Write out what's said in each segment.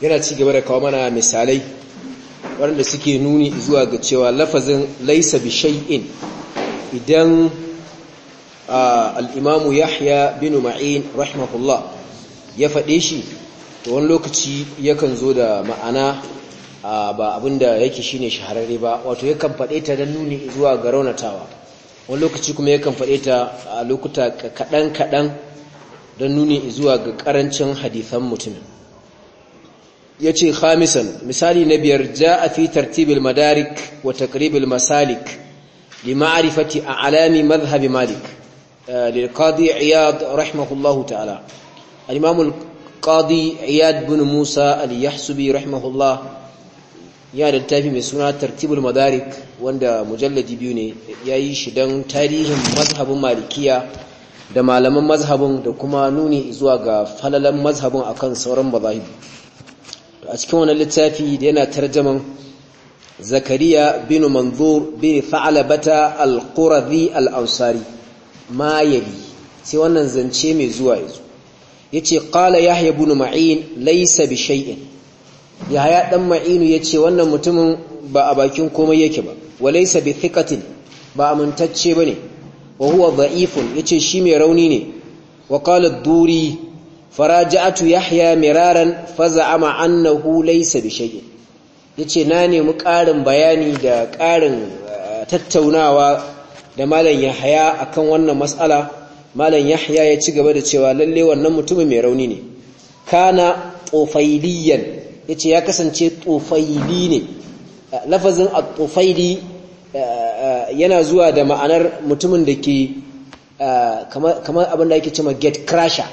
yana ci gaba da kawo mana misalai waɗanda suke nuni zuwa ga cewa lafazin laisa bi shay'in idan al'imamu yahya bin ma'in rahimahullah ya faɗe shi to wani lokaci yakan zo da ma'ana ba abinda yake shine shahararre ba wato yakan faɗe ta don nuni zuwa ga raunatawa wani lokaci kuma yakan faɗe ta a lokuta kaɗan-kaɗan don nuni zuwa ga ƙarancin hadithan mutumin ya ce khamisan misali na biyar ja a fi tartibil madarik wa takribil masalik li ma'arifati a alami mazhabi malik eh, lilkadi iyad rahimahullahu ta'ala al qadi iyad bin musa al-yahsubi rahimahullah ya da littafi mai suna tartibul madarik wanda mujalladi biyu ne ya yi shi dan tarihin mazhabin malikiya da malaman mazhabin da kuma nuni zuwa ga falalan mazhabin akan sauran mazahibi a cikin wani littafi da yana tarjaman zakariya bin manzur bin fa'alabata al-qurazi al-ansari ma yali sai wannan zance mai zuwa yanzu yace qala yahya ibn ma'in laysa bi shay'in yahya dan ma'inu yace wannan mutumin ba a bakin komai yake ba wa laysa bi thiqatin ba amintacce bane wa huwa dha'ifun yace shi mai rauni ne wa qala ad-duri faraja'atu yahya miraran faza'ama annahu laysa bishay'in yace na nemi ƙarin bayani da ƙarin eh, tattaunawa da malam yahya akan wannan mas'ala malam yahya ya ci gaba da cewa lalle wannan mutumin mai rauni ne kana tufailiyan yace ya kasance tufaili ne lafazin at-tufaili eh, eh, yana zuwa da ma'anar mutumin da ke kamar abin da ake cewa get crasher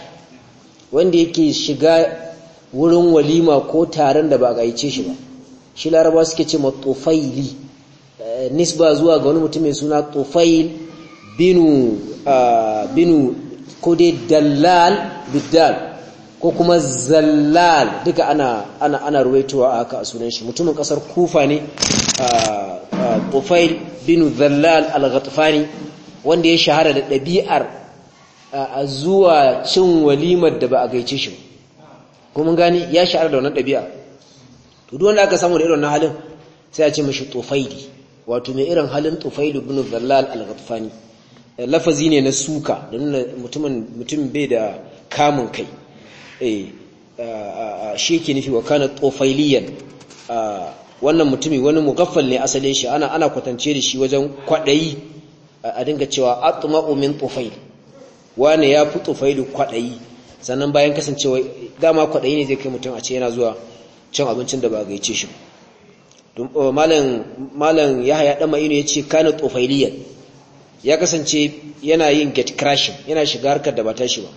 wanda yake shiga wurin walima ko taron da ba a gaice shi ba shi laraba suke ce matufaili eh, nisba zuwa ga wani mutum mai suna tufail binu ah, binu ko dai dallal biddal ko kuma zallal duka ana ana ana ruwaitowa haka a sunan shi mutumin kasar kufa ne ah, ah, tufail binu zallal al-ghatfani wanda ya shahara da ɗabi'ar a zuwa cin walimar da ba a gaice shi kuma gani ya sha'ar da wannan ɗabi'a to duk wanda aka samu da irin wannan halin sai a ce mashi tufaili wato mai irin halin tufaili ibn zallal al-ghatfani lafazi ne na suka da nuna mutumin mutum bai da kamun kai eh shi nufi wa kana tufailiyan wannan mutumi wani mugaffal ne asalin shi ana kwatance da shi wajen kwadayi a dinga cewa atma'u min tufaili wane ya fi tufailu kwaɗayi sannan bayan kasancewa dama kwaɗayi ne zai kai mutum a ce yana zuwa cin abincin da ba a ce shi eh, malam yahaya dan ma'inu ya ce kana tufailiyan ya kasance yana yin get crashing yana shiga harkar da ba ta shi ba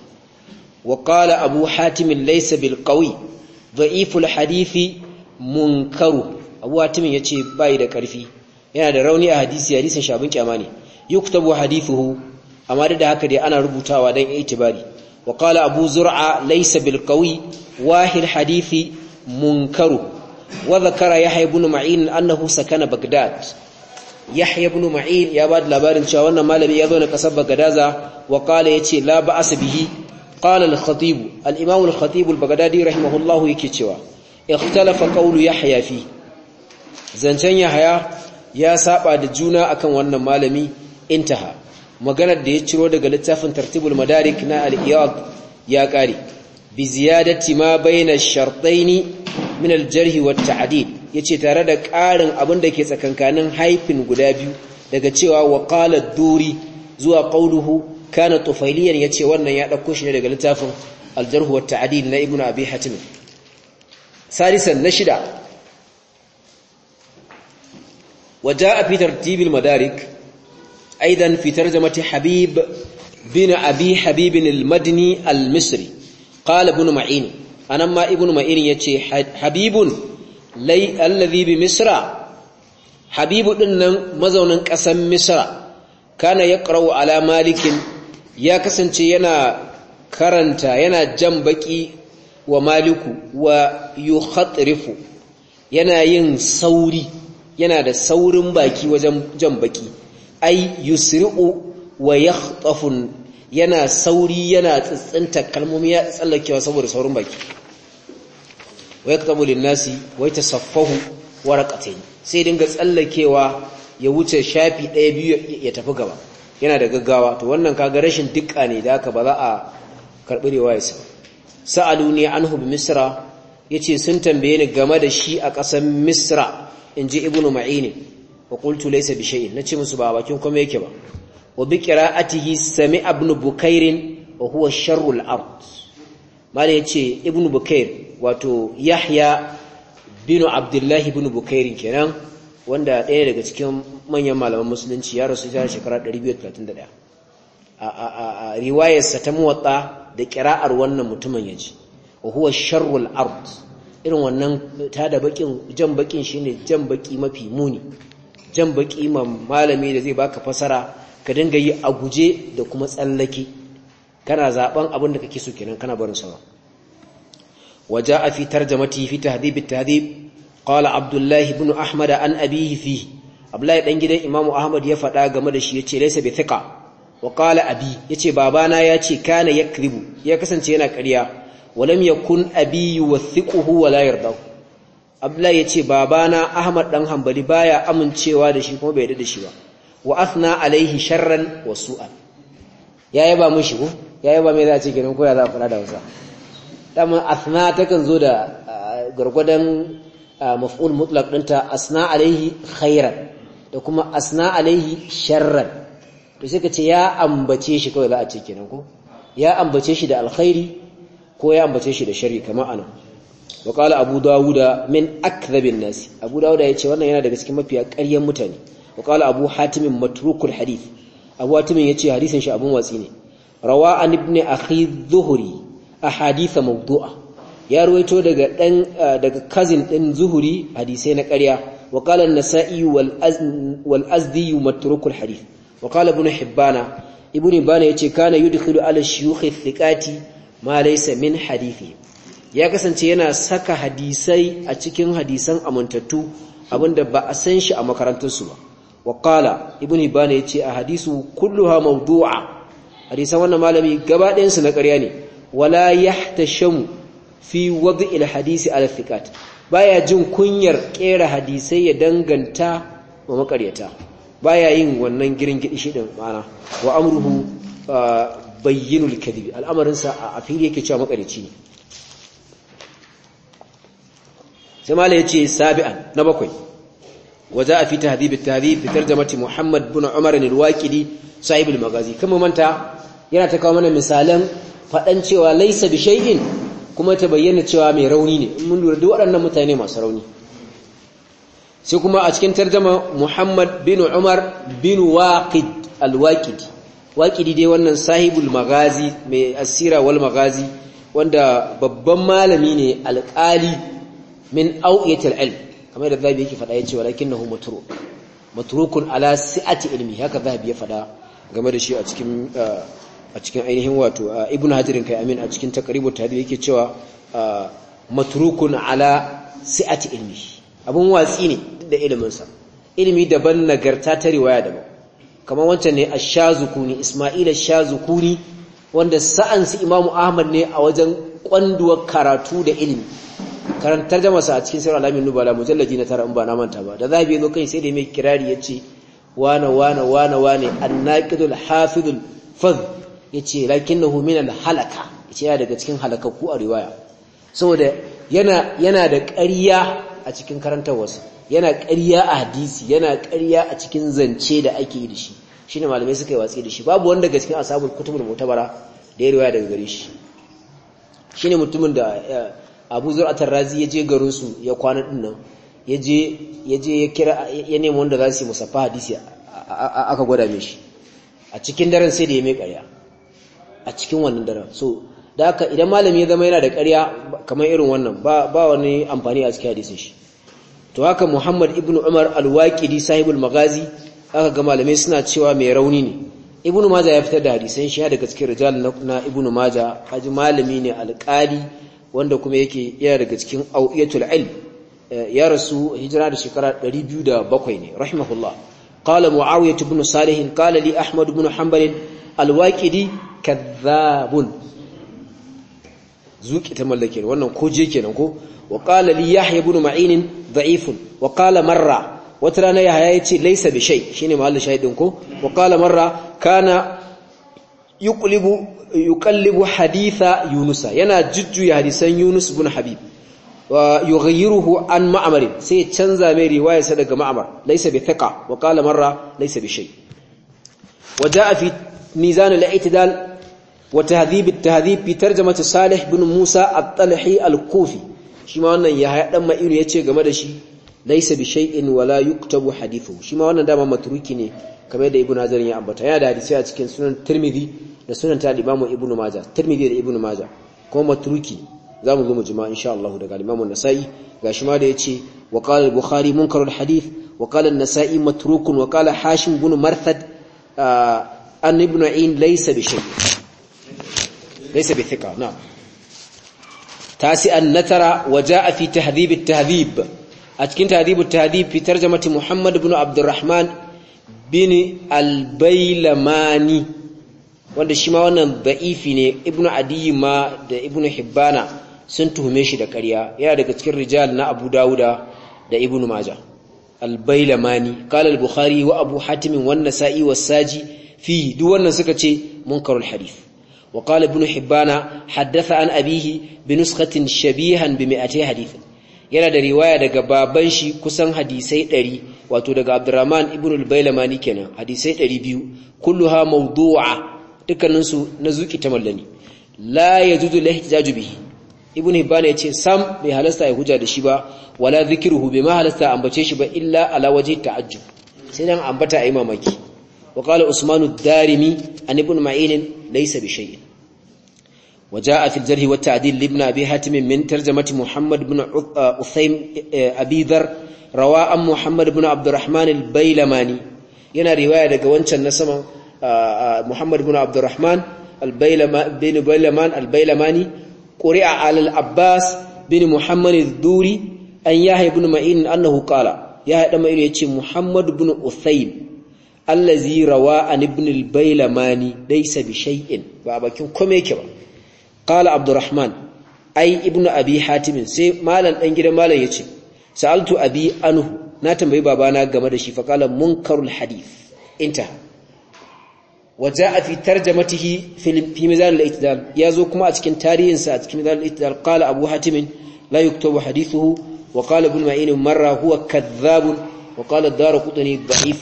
wa qala abu hatimin laisa bil qawi za'iful hadithi munkaru abu hatimin ya yace bayi da ƙarfi. yana da rauni a hadisi hadisin shabin kyama ne kutabu hu? amma da haka dai ana rubutawa dan itibari wa qala abu zur'a laysa bil qawi wahil hadithi munkaru wa dhakara yahya ibn ma'in annahu sakana bagdad yahya ibn ma'in ya bada labarin cewa wannan malami ya zo na kasar bagdaza wa qala yace la ba'as bihi qala al khatib al imam al khatib al bagdadi rahimahullahu yake cewa ikhtalafa qawlu yahya fi zancen yahya ya saba da juna akan wannan malami intaha maganar da ya ciro daga littafin tartibul madarik na al-iyad ya kare bi ziyadati ma baina shartaini min al-jarh wa at-ta'dil yace tare da karin abin da ke tsakankanin haifin guda biyu daga cewa wa qala duri zuwa qawluhu kana tufailiyan yace wannan ya dauko shi daga littafin al-jarh wa at-ta'dil na ibnu abi hatim salisan na shida jaa fi tartibil madarik أيضا في ترجمة حبيب بن أبي حبيب المدني المصري قال ابن معين أنا ما ابن معين يتي حبيب لي الذي بمصر حبيب إن مزون قسم مصر كان يقرأ على مالك يا كسنتي ينا كرنتا ينا جنبكي ومالك ويخطرف ينا ين سوري yana da saurin baki wajen jan baki ai yusri'u wa yana sauri yana tsitsinta kalmomi ya tsallakewa saboda saurin baki wa yaktabu lin-nasi wa yatasaffahu warqatayn sai dinga tsallakewa ya wuce shafi ɗaya biyu ya tafi gaba yana da gaggawa to wannan kaga rashin dukka ne da aka ba za a karɓi riwayarsa sa'aluni anhu bi misra yace sun tambaye ni game da shi a ƙasar misra inji ibnu ma'ini wa qultu laysa bi shay'in nace musu ba bakin kuma yake ba wa bi qira'atihi sami ibn bukairin wa huwa sharrul ard mala yace ibn bukair wato yahya bin abdullah ibn bukairin kenan wanda ɗaya daga cikin manyan malaman musulunci ya rasu ta shekara 231 a riwayarsa ta muwatta da kira'ar wannan mutumin yace wa huwa sharrul ard irin wannan ta da bakin jan bakin shine jan baki mafi muni jan baki malami da zai baka fasara ka dinga yi a guje da kuma tsallake kana zaben abin da kake so kenan kana barin sa وجاء في ترجمته في تهذيب التهذيب قال عبد الله بن احمد عن ابيه فيه abdullahi dan gidan imam ahmad ya faɗa game da shi yace laysa bi thiqa wa qala abi yace babana yace kana yakribu ya kasance yana ƙarya walam yakun abi yuwathiquhu wa la yardahu abdullahi ya ce babana ahmad dan hambali baya amincewa da shi kuma bai yarda da shi ba wa asna alaihi sharran wa su'an ya yaba mushi ko ya yaba mai za a ce kenan ko ya za a da wasa dama athna takan zo da gargwadan maf'ul mutlaq dinta asna alaihi khairan da kuma asna alaihi sharran to sai ka ce ya ambace shi kawai za a ce kenan ko ya ambace shi da alkhairi ko ya ambace shi da shari kamar anan wa qala abu dawuda min akdhabin nasi abu dawuda yace wannan yana daga cikin mafiya ƙaryan mutane wa qala abu hatim matrukul hadith abu hatim yace hadisin shi abun watsi ne rawa an ibn akhi zuhri ahadith mawdu'a ya ruwaito daga dan daga cousin din zuhri hadisai na ƙarya wa qala an-nasa'i wal azdi matrukul hadith wa qala ibn hibbana ibn hibbana yace kana yudkhilu ala shuyukh thiqati ma laysa min hadithi ya kasance yana saka hadisai a cikin hadisan amintattu abinda ba a san shi a makarantarsu ba wa ibn ibana ce, a hadisu kulluha mawdu'a hadisan wannan malami gaba na ƙarya ne wala yahtashamu fi wad'il hadisi ala thiqat baya jin kunyar ƙera hadisai ya danganta wa makaryata baya yin wannan girin gidi shi din ma'ana wa amruhu ah, bayyinul kadhib al'amarin sa a fili yake cewa makaryaci ne sai mala ce sabi'an na bakwai wa za a fi tahdhib at-tahdhib bi tarjamati Muhammad ibn Umar al-Waqidi sahib al-Maghazi kuma manta yana ta kawo mana misalan fadan cewa laysa bi shay'in kuma ta bayyana cewa mai rauni ne mun lura duk waɗannan mutane masu rauni sai kuma a cikin tarjama Muhammad bin Umar bin Waqid al-Waqidi waƙidi dai wannan sahibul magazi mai asira wal magazi wanda babban malami ne alƙali min au'iyatil ilm kamar da zabi yake fada yace walakinahu matruk matrukun ala si'ati ilmi haka zabi ya fada game da shi a cikin uh, a cikin ainihin wato uh, ibnu hajirin kai amin a cikin taqribu tahdhib yake cewa uh, matrukun ala si'ati ilmi abun watsi ne da ilimin sa ilimi daban nagarta ta riwaya daban kamar wancan ne ash-shazukuni isma'il ash-shazukuni wanda sa'ansu imamu ahmad ne a wajen kwanduwar karatu da ilimi Karantar da sa a cikin sirr alamin nubala mujalladi na tara in ba na manta ba da zabi zo kai sai da mai kirari yace ce wane wane wane annaqidul hafidul fadh yace lakinnahu min al halaka yace yana daga cikin halakakku a riwaya saboda yana yana da ƙarya a cikin karantawarsa yana ƙarya a hadisi yana ƙarya a cikin zance da ake yi da shi shine malamai suka yi watsi da shi babu wanda daga cikin ashabul kutubul mutabara da ya riwaya daga gare shi shine mutumin da eh, abu zur'atar razi ya je garin su ya kwana din ya je ya kira ya nemi wanda za su yi musaffa hadisi aka gwada mishi a cikin daren sai da ya mai ƙarya a cikin wannan daren so da haka idan malami ya zama yana da karya kamar irin wannan ba wani amfani a cikin hadisin shi to haka Muhammad ibn Umar al sahibul magazi aka ga malamai suna cewa mai rauni ne ibn maja ya fitar da hadisan shi daga cikin rijal na ibn maja kaji malami ne alƙali wanda kuma yake yana daga cikin auiyatul ilm eh, ya rasu hijira da shekara 207 ne rahimahullah qala muawiyah ibn salih qala li ahmad ibn hanbal alwaqidi kadhabun zuki ta mallake wannan ko kenan ko wa qala li yahya ibn ma'in da'ifun wa qala marra wata rana yahya yace laysa bi shay shine mahallin shahidin ko wa qala marra kana yuqlibu yuqallibu haditha yunus yana jujjuya hadisan yunus ibn habib wa yughayyiruhu an ma'mar sai canza mai riwaya sa daga ma'mar laysa bi thiqa wa qala marra laysa bi shay wa jaa fi mizan al-i'tidal wa tahdhib at-tahdhib bi tarjamati salih ibn musa at-talhi al-kufi shi ma wannan yahya dan ma'inu yace game da shi laysa bi shay'in wala yuktabu hadithu shi ma wannan dama matruki ne kamar da ibnu hajar ya ambata yana da hadisi a cikin sunan tirmidhi da sunan ta imamu ibnu majah tirmidhi da ibnu majah kuma matruki zamu zo mu jima insha Allah daga imamu nasa'i gashi ma da yace wa qala al-bukhari munkarul hadith wa qala an-nasa'i matrukun wa qala hashim ibn marthad ah, an ibnu ain laysa bi shay laysa bi thiqa na'am تاسعا نترى وجاء في تهذيب a cikin تهذيب التهذيب في ترجمة محمد muhammad عبد الرحمن bin albailamani wanda shi ma wannan da'ifi ne ibnu adiyi ma da ibnu hibbana sun tuhume shi da ƙarya yana daga cikin rijal na abu dawuda da ibnu maja albailamani qala al-bukhari wa abu hatim wa sai nasai saji fi duk wannan suka ce munkarul hadith wa qala ibnu hibbana haddasa an abihi bi nuskhatin shabihan bi mi'ati yana da riwaya daga baban shi kusan hadisai ɗari wato daga Abdurrahman ibn al-Bailamani kenan hadisai 200 kulluha mawdu'a dukkanin su na zuki ta mallani la yajuzu lihtijaju bihi ibn Hibban yace sam bai halasta ya huja da shi ba wala zikruhu bai ma halasta ambace shi ba illa ala waje ta'ajjub sai dan ambata ayi mamaki wa qala Usman ad-Darimi an ibn Ma'in laysa bi shay'in وجاء في الجرح والتعديل لابن أبي حاتم من ترجمة محمد بن أثيم أبي ذر روى عن محمد بن عبد الرحمن البيلماني ينا رواية دقوانشا نسمى محمد بن عبد الرحمن البيلمان البيلماني, البيلماني قرئ على العباس بن محمد الدوري أن يحيى بن معين أنه قال يحيى بن معين يتي محمد بن أثيم allazi rawa an ibn al-bailmani laysa bi shay'in ba bakin kome yake ba qala abdurrahman ai ibnu abi hatim sai malam dan gidan malam yace sa'altu abi anu na tambayi babana game da shi fa qala munkarul hadith inta وجاء في ترجمته في في al الاعتدال يازو kuma a cikin tarihinsa a cikin mizan al-i'tidal qala abu hatim la yuktabu hadithuhu wa qala ibn ma'in marra huwa kadhab wa qala darqutni da'if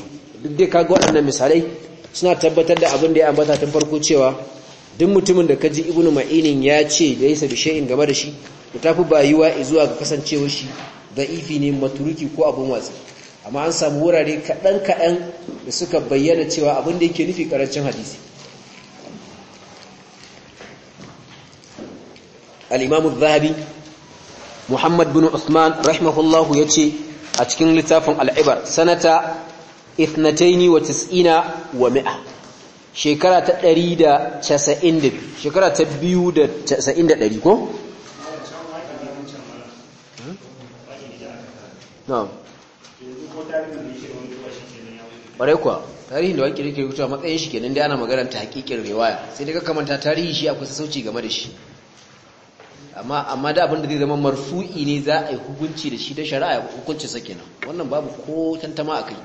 duk kaga waɗannan misalai suna tabbatar da abin da ya ambata tun farko cewa duk mutumin da ka ji ibn ma'inin ya ce da yasa bi shay'in game da shi to tafi bayuwa zuwa ga kasancewar shi da'ifi ne maturuki ko abun watsi amma an samu wurare kaɗan kaɗan da suka bayyana cewa abin da yake nufi karancin hadisi al zahabi muhammad bin usman rahimahullahu ya ce a cikin littafin al'ibar sanata 92 wa 90 wa mi'a. shekara ta 192 shekara ta 290 ko na'am bare kuwa tarihin da wake da ke rubuta matsayin shi kenan dai ana magana ta hakikin riwaya sai daga kamanta tarihi shi akwai sauci game da shi amma amma da abin da zai zama marfu'i ne za a yi hukunci da shi da shari'a hukuncin sa kenan wannan babu ko tantama akai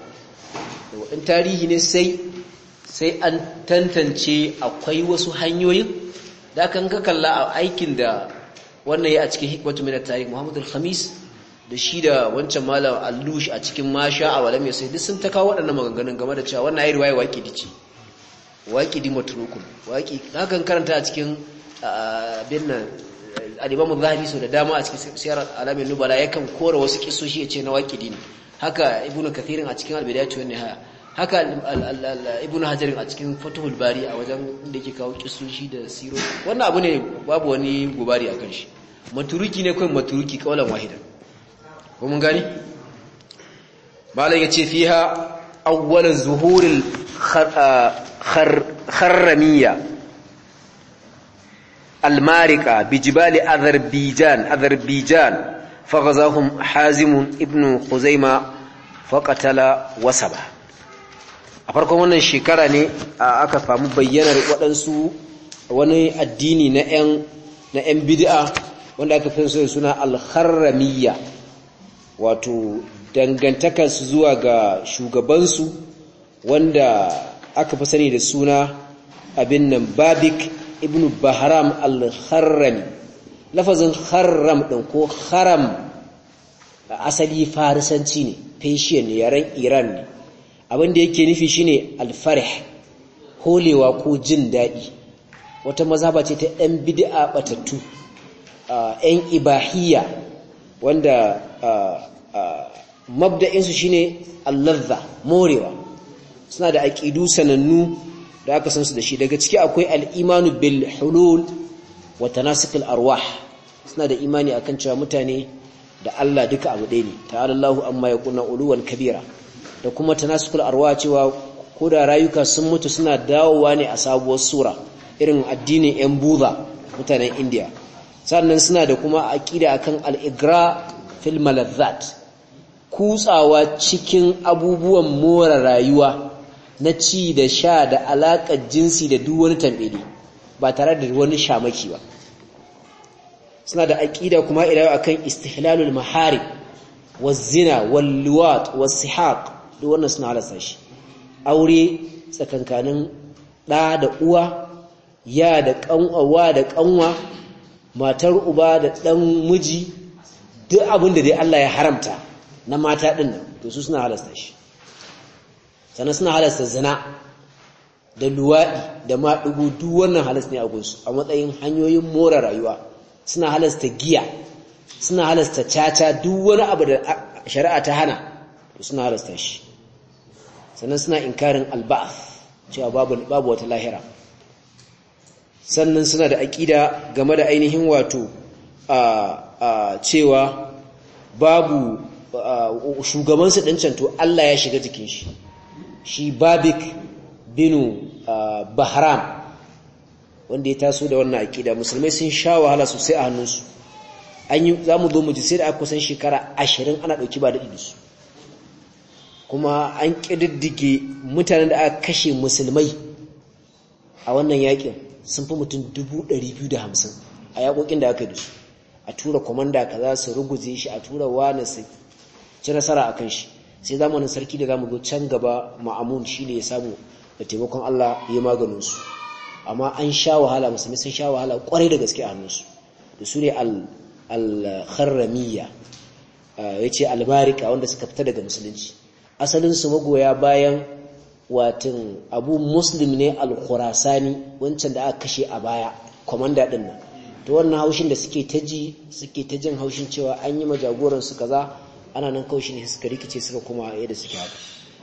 in tarihi ne sai sai an tantance akwai wasu hanyoyin da kan ka kalla a aikin da wannan ya a cikin hikmatu min at Muhammadu Muhammad al-Khamis da shi da wancan malam Allush a cikin masha a walam ya sai duk sun ta kawo waɗannan maganganun game da cewa wannan ayi riwaya waqidi ce waqidi matrukun waqi hakan karanta a cikin bin nan al-Imam al-Zahiri so da dama a cikin siyar alamin nubala yakan kora wasu kisoshi ya ce na di ne haka Ibn Kathirin a cikin al-Bidayah wa Nihaya haka ibn hajarin a cikin fatuhul bari a wajen da ke kawo kisoshi da siro wannan abu ne babu wani gubari a kan shi maturuki ne kawai maturuki kawalan wahida ko mun gani malam ya ce fiha awwalan zuhuril kharramiya almarika bijibali azerbaijan azerbaijan faghazahum hazimun ibn khuzaima faqatala wasaba a farkon wannan shekara ne a aka samu bayyanar waɗansu wani addini na 'yan bid'a wanda aka fi da suna alharramiyya wato dangantakarsu zuwa ga shugabansu wanda aka fi sani da suna abin nan babik ibn baharam alharrami lafazin haram ɗin ko haram asali farisanci ne fashiyan yaren iran ne abin da yake nufi shine alfarih holewa ko jin daɗi wata mazhaba ce ta ɗan bid'a batattu ɗan ibahiyya wanda mabda'insu shine allazza morewa suna da aƙidu sanannu da aka san su da shi daga ciki akwai al'imanu bil hulul wa tanasikul arwah suna da imani akan cewa mutane da Allah duka abu ɗaya ne Ta'alallahu amma ya kuna uluwan kabira da kuma tanasukul arwa cewa ko da rayuka sun mutu suna dawowa ne a sabuwar sura irin addinin yan buza mutanen indiya sannan suna da kuma aƙida akan kan fil maladzat kutsawa cikin abubuwan more rayuwa na ci da sha da alaƙar jinsi da duk wani tambeli ba tare da wani shamaki ba suna da aƙida kuma ila akan istihlalul maharib zina wal luwat wa sihaq duk wannan suna halasta shi aure tsakankanin ɗa da uwa ya da ƙanwa da ƙanwa matar uba da ɗan miji duk abin da dai Allah ya haramta na mata ɗin nan to su suna halasta shi sannan suna halasta zina da luwaɗi da maɗugu duk wannan halas ne a gunsu a matsayin hanyoyin more rayuwa suna halasta giya suna halasta caca duk wani abu da shari'a ta hana to suna halasta shi sannan suna inkarin alba'af cewa babu wata lahira sannan suna da aƙida game da ainihin wato a cewa babu shugabansu ɗin canto Allah ya shiga jikin shi shi babik binu bahram wanda ya taso da wannan aƙida musulmai sun sha wahala sosai a hannunsu an yi za mu zo mu ji sai da aka kusan shekara ashirin ana ɗauki ba da su kuma an ƙididdige mutanen da aka kashe musulmai a wannan yakin sun fi mutum hamsin a yakokin da aka yi su a tura komanda kaza su ruguje shi a tura wani su ci nasara a kan shi sai zamanin sarki da zamu zo can gaba ma'amun shi ne ya samu da taimakon Allah ya maganin su amma an sha wahala musulmi sun sha wahala kwarai da gaske a hannunsu da su ne al-kharramiyya eh, Ya ce albarika wanda suka fita daga musulunci asalinsu magoya bayan watin abu muslim ne al-khurasani wancan da aka kashe a baya kwamanda din nan to wannan haushin da suke ta ji suke ta jin haushin cewa an yi su kaza ana nan kaushin ne suka rikice suka kuma yadda suke haka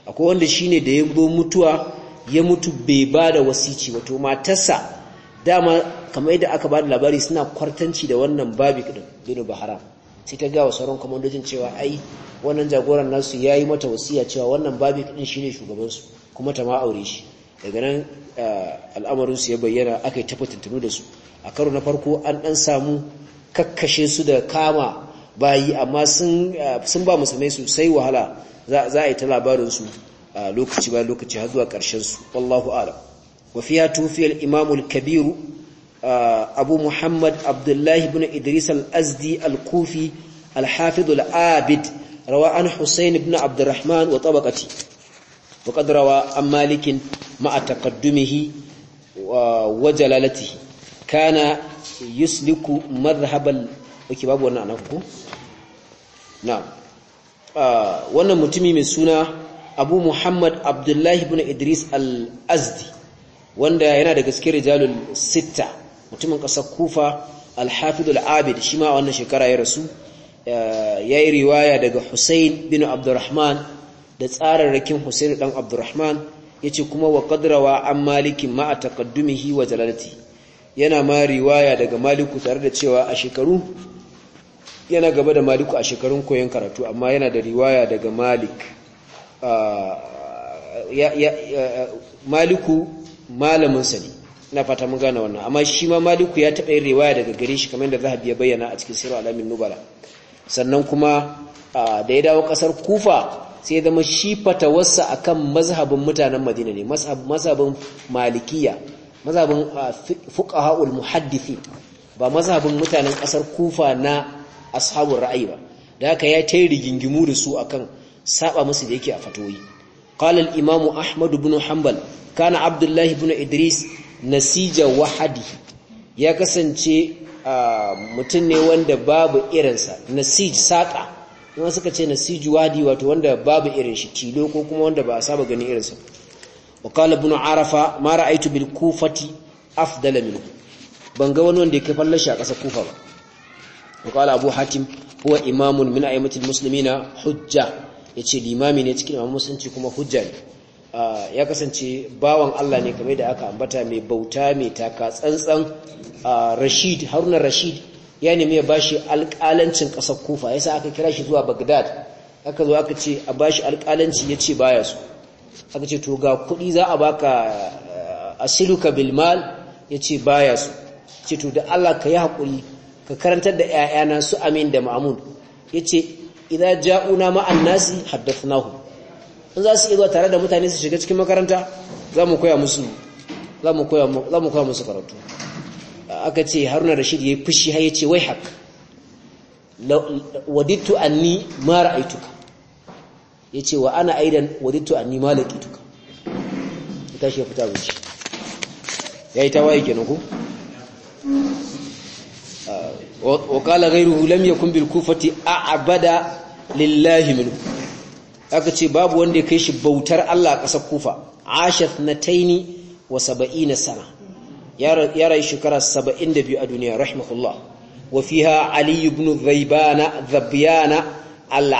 akwai wanda shine da ya mutuwa ya mutu bai ba da wasici wato matarsa dama kamar yadda aka ba da labari suna kwartanci da wannan babi din binu baharam sai ta gawa sauran kwamandojin cewa ai wannan jagoran nasu ya yi mata wasiya cewa wannan babi ɗin shi ne shugabansu kuma ta ma aure shi daga nan al'amarinsu ya bayyana aka yi ta fitintunu da su a karo na farko an ɗan samu kakkashe su da kama bayi amma sun ba musulmai sosai wahala za a yi ta labarinsu lokaci bayan lokaci har zuwa ƙarshensu wallahu alam wa fiya tufiyar imamul kabiru abu muhammad abdullahi ibn idris al-azdi al-kufi al al-abid rawa an husayn ibn abdurrahman wa tabaqati wa qad rawa an malik ma'a taqaddumihi wa jalalatihi kana yusliku madhhabal wake babu wannan anaku na'am wannan mutumi mai suna abu muhammad abdullahi ibn idris al-azdi wanda yana da cikin jalul sitta mutumin ƙasar kufa alhafidul abid shi ma wannan shekara ya rasu ya yi riwaya daga husain bin abdurrahman da tsararrakin hussain dan abdurrahman ya ce kuma wa kadrawa an malikin ma a takaddumihi wa jalalati yana ma riwaya daga maliku tare da cewa a shekaru yana gaba da maliku a shekarun koyon karatu amma yana da riwaya daga malik ah, maliku malamin ne na fata mun gane wannan amma shi ma maliku ya taɓa yin riwaya daga gare shi kamar yadda zahabi ya bayyana a cikin sirru alamin nubala sannan kuma da ya dawo ƙasar kufa sai ya zama shi fatawarsa akan mazhabin mutanen madina ne mazhabin malikiya mazhabin fuqaha'ul muhaddithi ba mazhabin mutanen ƙasar kufa na ashabun ra'ayi ba da haka ya tayi rigingimu da su akan saba musu da yake a fatoyi qala imamu Ahmadu bin hanbal kana abdullahi bin idris nasija wahadi ya kasance mutum ne wanda babu irinsa nasij saƙa kuma suka ce Nasij wahadi wato wanda babu irin shi tilo ko kuma wanda ba a saba gani irinsa wakala bin arafa ma ra'aytu bil kufati afdala minhu ban ga wani wanda ya kafa lashi a ƙasa kufa ba wakala abu hatim huwa imamun min musulmi muslimina hujja yace limami ne cikin imamu musulunci kuma hujja ne ya kasance bawan Allah ne kamar da aka ambata mai bauta mai taka tsantsan Rashid Haruna Rashid ya nemi ya bashi alkalancin ƙasar Kufa sa aka kira shi zuwa bagdad aka zo aka ce a bashi alƙalanci yace baya su aka ce to ga kuɗi za a baka asiluka bilmal ya ce baya su ce to da Allah ka yi hakuri ka karantar da 'ya'yana su Amin da ya ce idan ja'una ma'an nasi nahu. in za su iya zuwa tare da mutane su shiga cikin makaranta za mu koya musu za mu koya musu karatu aka ce haruna rashid ya yi fushi har ya ce wai hak wadittu ni ma ra'aituka ya ce wa ana aidan wadittu ni ma tuka? ya tashi ya fita zuci ya yi tawaye kenan ku wa qala gairu lam ya kumbil kufati a'bada lillahi minu aka ce babu wanda ya kai shi bautar Allah a ƙasar Kufa ashat nataini wa na sana ya rayu shekara biyu a duniya rahimahullah wa fiha aliyu ibn Dhaybana Dhabyana al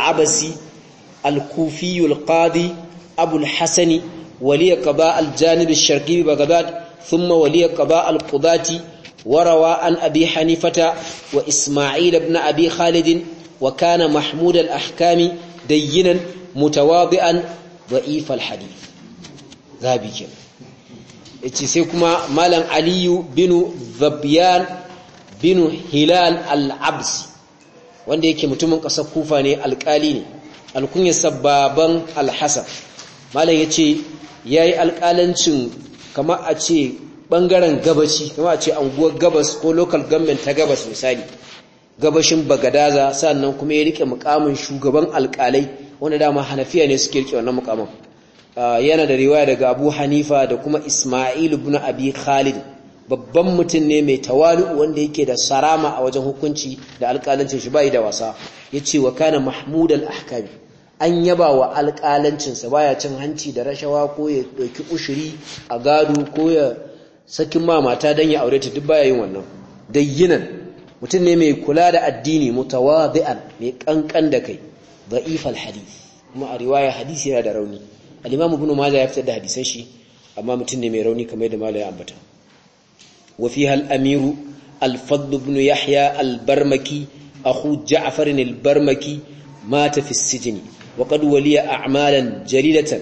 al-Kufi al-Qadi Abu al-Hasani wali qaba al-janib al-sharqi bi Baghdad thumma wali qaba al-Qudati وروى عن أبي حنيفة وإسماعيل بن أبي خالد وكان محمود الأحكام دينا mutawadi'an da'if alhadith bi ke yace sai kuma malam aliyu binu zabyan binu hilal al-absi wanda yake mutumin ƙasar kufa ne alƙali ne alkunya sababan alhasan malam yace yayi alƙalancin kama a ce bangaren gabashi kama a ce anguwar gabas ko local government ta gabas misali gabashin bagadaza sannan kuma ya rike mukamin shugaban alƙalai Wani dama hanafiya ne suke rike wannan mukamman ah, yana da riwaya daga abu hanifa da kuma isma'il ibn abi khalid babban mutum ne mai tawalu wanda yake da sarama a wajen hukunci da alƙalancin shi bai da wasa yace wa kana mahmud al-ahkam an yaba wa alƙalancin sa baya cin hanci da rashawa ko ya dauki ushiri a gado ko ya sakin ma mata dan ya aure ta duk baya yin wannan dayyinan mutum ne mai kula da addini mutawadi'an mai kankan da kai da'if al-hadith kuma a riwaya hadisi yana da rauni al-imam ibn majah ya fitar da hadisan shi amma mutum ne mai rauni kamar yadda malai ambata wa fiha al-amiru al-fadl ibn yahya al-barmaki akhu ja'far al-barmaki mata fi as-sijn wa qad waliya a'malan jarilatan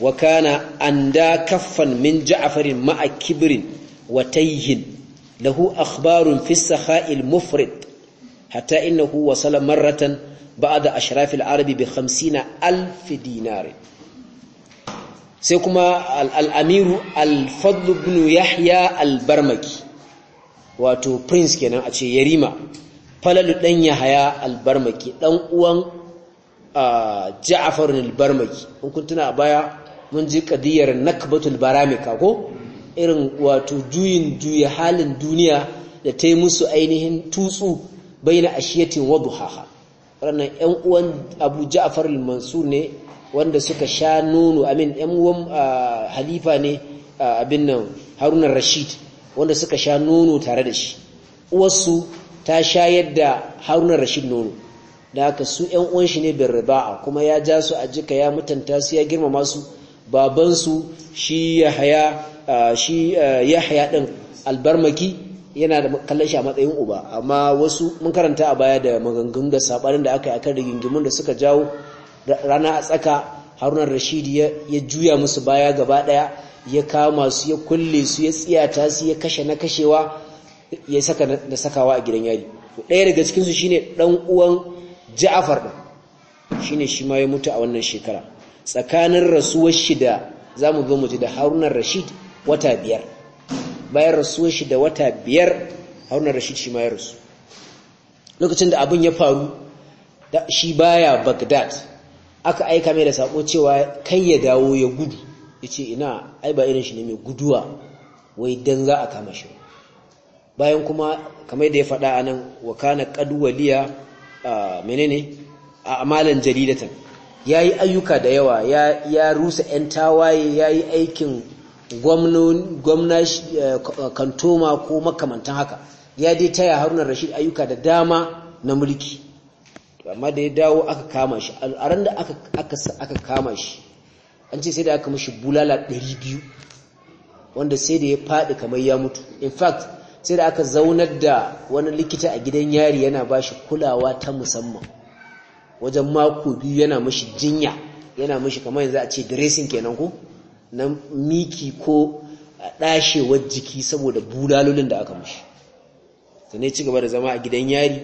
wa kana anda kaffan min ja'far ma'a kibrin wa tayhin lahu akhbarun fi as-sakha'il mufrid hatta innahu wasala marratan ba'da ashrafil arabi bi 50 alf dinar sai kuma al-amiru al-fadl ibn yahya al-barmaki wato prince kenan a ce yarima falalu ɗan yahya al-barmaki dan uwan Ja'far al-Barmaki in kun a baya mun je kadiyar nakbatul baramika ko irin wato juyin juya halin duniya da ta yi musu ainihin tutsu baina ashiyatin wa duhaha wannan yan uwan Abu Ja'far al-Mansur ne wanda suka sha nono amin yan uwan uh, halifa ne uh, abin nan Harun rashid wanda suka sha nono tare da shi uwarsu ta sha da Harun rashid nono da aka su yan uwan shi ne bin riba'a kuma ya ja su a jika ya mutanta su ya girmama su babansu shi Yahya uh, shi Yahya din albarmaki yana da kallon shi a matsayin uba amma wasu mun karanta a baya da maganganun da sabanin da aka yi akan rigingimun da suka jawo rana a tsaka haruna rashidi ya juya musu baya gaba daya ya kama su ya kulle su ya tsiyata su ya kashe na kashewa ya saka da sakawa a gidan yari ɗaya daga cikin su shine dan uwan Ja'far din shine shi ma ya mutu a wannan shekara tsakanin rasuwar shida zamu zo mu ji da Haruna Rashid wata biyar bayan rasuwar shi da wata biyar haruna rashid shi ma ya rasu lokacin da abin ya faru shi baya bagdad aka aika mai da sako cewa kai ya dawo ya gudu ya ce ina ai ba irin shi ne mai guduwa wai don za a kama shi bayan kuma kamar da ya faɗa a nan wa kana ƙaduwaliya a menene a amalan jaridatan ya yi ayyuka da yawa ya rusa 'yan tawaye ya yi aikin gwamna eh, eh, kantoma ko makamantan haka ya dai taya haruna rashid ayyuka da dama na mulki amma da ya dawo aka kama shi a da aka kama shi an ce sai da aka mashi bulala 200 wanda sai da ya faɗi kamar ya mutu in fact sai da aka zaunar da wani likita a gidan yari yana ba shi kulawa ta musamman wajen mako biyu yana mashi jinya yana mashi kamar yanzu a ce dressing kenan ko na miki ko a ɗashewar jiki saboda bulalolin da aka mashi sannan ci gaba da zama a gidan yari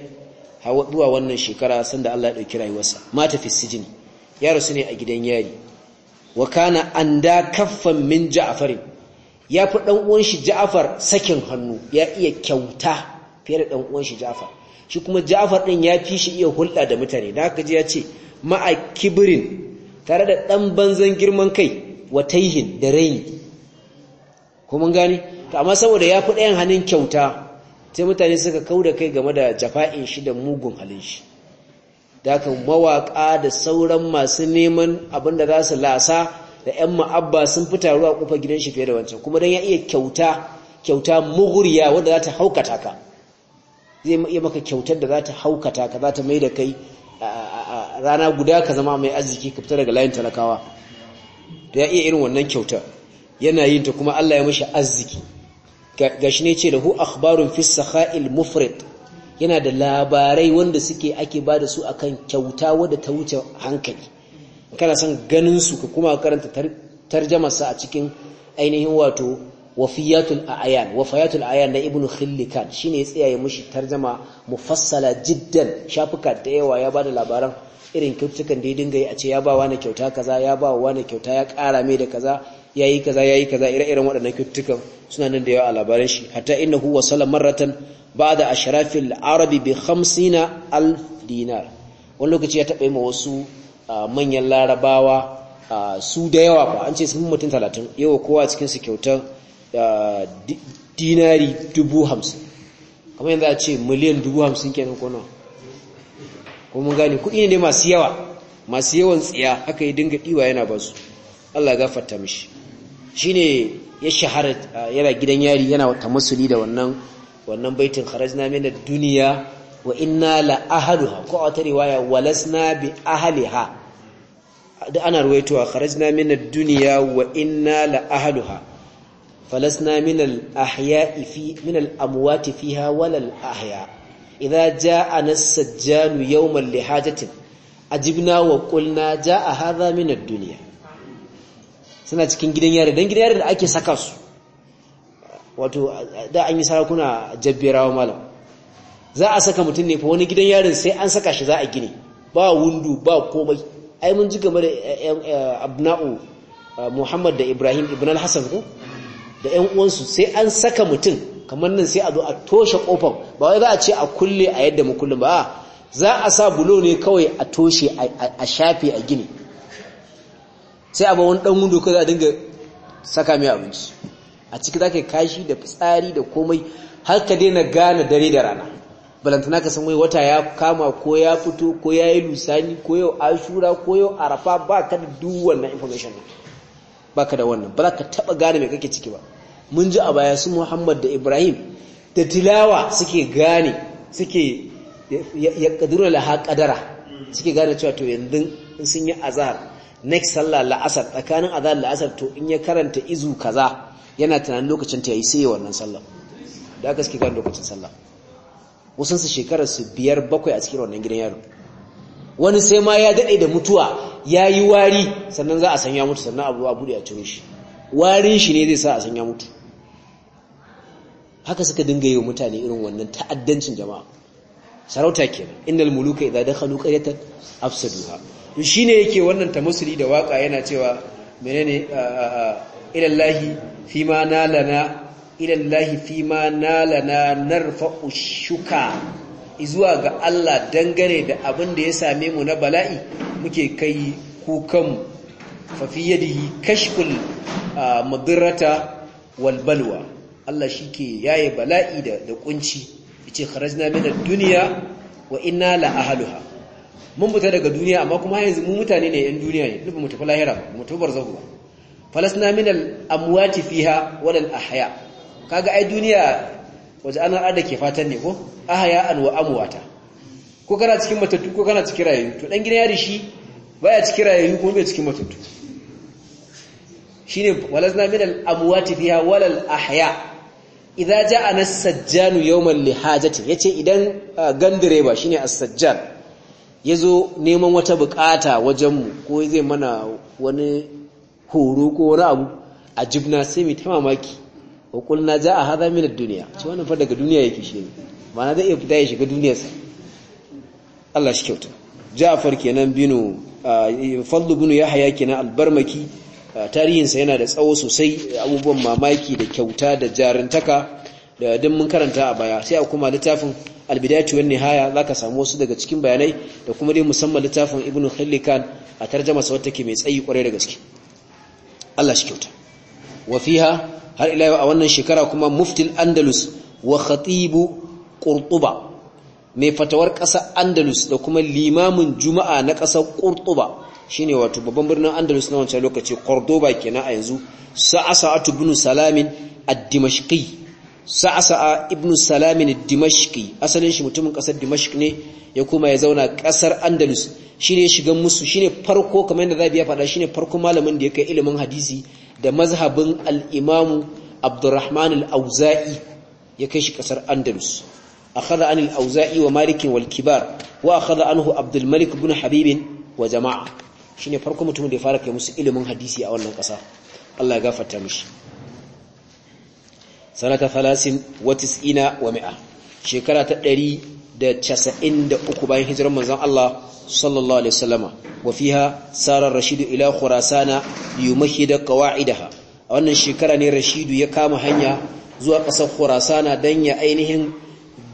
hawa zuwa wannan shekara sanda Allah ya ɗauki rayuwarsa mata fi sijini ya rasu ne a gidan yari wa kana da kaffan min ja'farin ya fi dan shi ja'far sakin hannu ya iya kyauta fiye da ɗan shi ja'far shi kuma ja'far ɗin ya fi shi iya hulɗa da mutane da haka ji ya ce ma'a kibirin tare da ɗan banzan girman kai wa taihin da raini kuma mun amma saboda ya fi ɗayan hannun kyauta sai mutane suka kau da kai game da jafa'in shi da mugun halin shi da kan mawaƙa da sauran masu neman abin da za su lasa da 'yan ma'abba sun fi taruwa kofar gidan shi fiye da wancan kuma don ya iya kyauta kyauta muguriya wadda za ta haukata ka zai iya maka kyautar da za ta haukata ka za ta mai da kai rana guda ka zama mai arziki ka fita daga layin talakawa da ya iya irin wannan kyauta yana yin ta kuma Allah ya mashi arziki gashi ne ce da hu akhbarun fi sakha'il mufrid yana da labarai wanda suke ake ba da su akan kyauta wadda ta wuce hankali kana son ganin su ka kuma karanta tarjamarsa sa a cikin ainihin wato wafiyatul a'yan wafayatul a'yan na ibnu khillikan shine ya tsaya ya mushi tarjama mufassala jiddan shafuka da yawa ya bada labaran irin kyautukan da ya dinga yi a ce ya ba wani kyauta kaza ya ba wani kyauta ya ƙara mai da kaza ya yi kaza ya yi kaza ire-iren waɗannan kyautukan suna nan da yawa a labarin shi hatta inna huwa ba da ba'da ashrafil arabi bi 50 alf dinar wani lokaci ya taɓa yi ma wasu manyan larabawa su da yawa ba an ce sun mutum talatin yawa kowa cikin su kyautar dinari dubu hamsin kamar yanzu a ce miliyan dubu hamsin kenan ko ko mun gane kuɗi ne masu yawa masu yawan tsiya aka yi dinga ɗiwa yana ba su Allah gafarta mishi shi ne ya shahara yana gidan yari yana musuli da wannan wannan baitin kharajna min ad duniya wa inna la ha ko a wata riwaya walasna bi ahali ha? da ana ruwaitowa kharajna min ad duniya wa inna la ha falasna min al ahya fi min al fiha wal ahya idza jaa nas-sajjanu yawman li hajatin ajibna wa qulna jaa hadha min ad-dunya suna cikin gidan yare dan gidan yare da ake saka su wato da an yi sarakuna jabbirawa malam za a saka mutum ne fa wani gidan yarin sai an saka shi za a gine ba wundu ba komai ai mun ji game da abna'u Muhammad da Ibrahim ibn al-Hasan ko da ƴan uwansu sai an saka mutum kamar nan sai a zo a toshe kofar ba wai za a ce a kulle a yadda mu kullum ba za a sa bulo ne kawai a toshe a shafe a gini sai a ba wani dan wundo kai za a dinga saka mai abinci a ciki za ka kashi da fitsari da komai har ka daina gane dare da rana balantana ka san wai wata ya kama ko ya fito ko ya yi lusani ko yau ashura ko yau arafa ba ka da duk wannan information ba ka da wannan ba za ka taɓa gane mai kake ciki ba mun ji a baya su Muhammad da Ibrahim da tilawa suke gane suke ya kadura laha kadara suke gane cewa to yanzu sun yi azhar next sallah la'asar tsakanin azhar la'asar to in ya karanta izu kaza yana tunanin lokacin ta yi sai wannan sallah da aka suke gane lokacin sallah Wasan su shekarar su biyar bakwai a cikin wannan gidan yaro wani sai ma ya dade da mutuwa ya yi wari sannan za a sanya mutu sannan abu a bude a ciro shi warin shi ne zai sa a sanya mutu haka suka dinga yi wa mutane irin wannan ta'addancin jama'a sarauta kenan innal muluka idza dakhalu qaryatan afsaduha to shine yake wannan ta musuli da waka yana cewa menene ila llahi fima nalana ila llahi fima nalana narfa'u shuka izuwa ga Allah dangane da abin da ya same mu na bala'i muke kai kukan fa fi yadihi kashful madarrata wal balwa Allah shi ke yaye bala'i da kunci ce kharajna min duniya wa inna la ahluha mun fita daga duniya amma kuma yanzu mu mutane ne yan duniya ne duk mu tafi lahira mu tafi barzahu falasna min al-amwati fiha wal ahya kaga ai duniya waje ana al'ada ke fatan ne ko ahya an wa amwata ko kana cikin matattu ko kana cikin rayu to dan gidan yari shi baya cikin rayu ko bai cikin matattu shine ne min al-amwati fiha wal ahya idza ja'a na sajjanu yawman lihajati yace idan uh, gandireba shine as-sajjan yazo neman wata bukata wajen mu ko zai mana wani horo ko wani abu a jibna sai mu tamamaki wa qulna ja'a hadha min ad-dunya ce wannan fa daga duniya yake shi ma'ana zai iya fita ya shiga duniyarsa Allah shi kyauta Ja'far nan binu uh, Fadlu binu Yahya kenan al-Barmaki tarihinsa yana da tsawo sosai abubuwan mamaki da kyauta da jarintaka da duk mun karanta a baya sai a kuma littafin albidayatu wan nihaya zaka samu wasu daga cikin bayanai da kuma dai musamman littafin ibnu khallikan a tarjuma sa wata ke mai tsayi kwarai da gaske Allah shi kyauta wa fiha har ila yau a wannan shekara kuma muftil andalus wa khatibu qurtuba mai fatawar ƙasa andalus da kuma limamin juma'a na ƙasar qurtuba shine wato babban birnin andalus na wancan lokaci cordoba kenan a yanzu sa'asa'atu ibn salamin ad-dimashqi sa'asa'a ibn salamin dimashqi asalin shi mutumin kasar dimashq ne ya kuma ya zauna kasar andalus shine shigan musu shine farko kamar yadda zabi ya faɗa shine farko malamin da ya kai ilimin hadisi da mazhabin al-imam abdurrahman al-auza'i ya kai shi kasar andalus akhadha anil auza'i wa malik wal kibar wa akhadha anhu abdul malik ibn habib wa jama'a shine farko mutumin da ya fara kai musu ilimin hadisi a wannan ƙasa Allah ya gafarta mishi sanata ina wa mi'a shekara ta 193 bayan hijiran manzon Allah sallallahu alaihi wasallama wa fiha sara rashidu ila khurasana yumahida qawaidaha a wannan shekara ne rashidu ya kama hanya zuwa ƙasar khurasana dan ya ainihin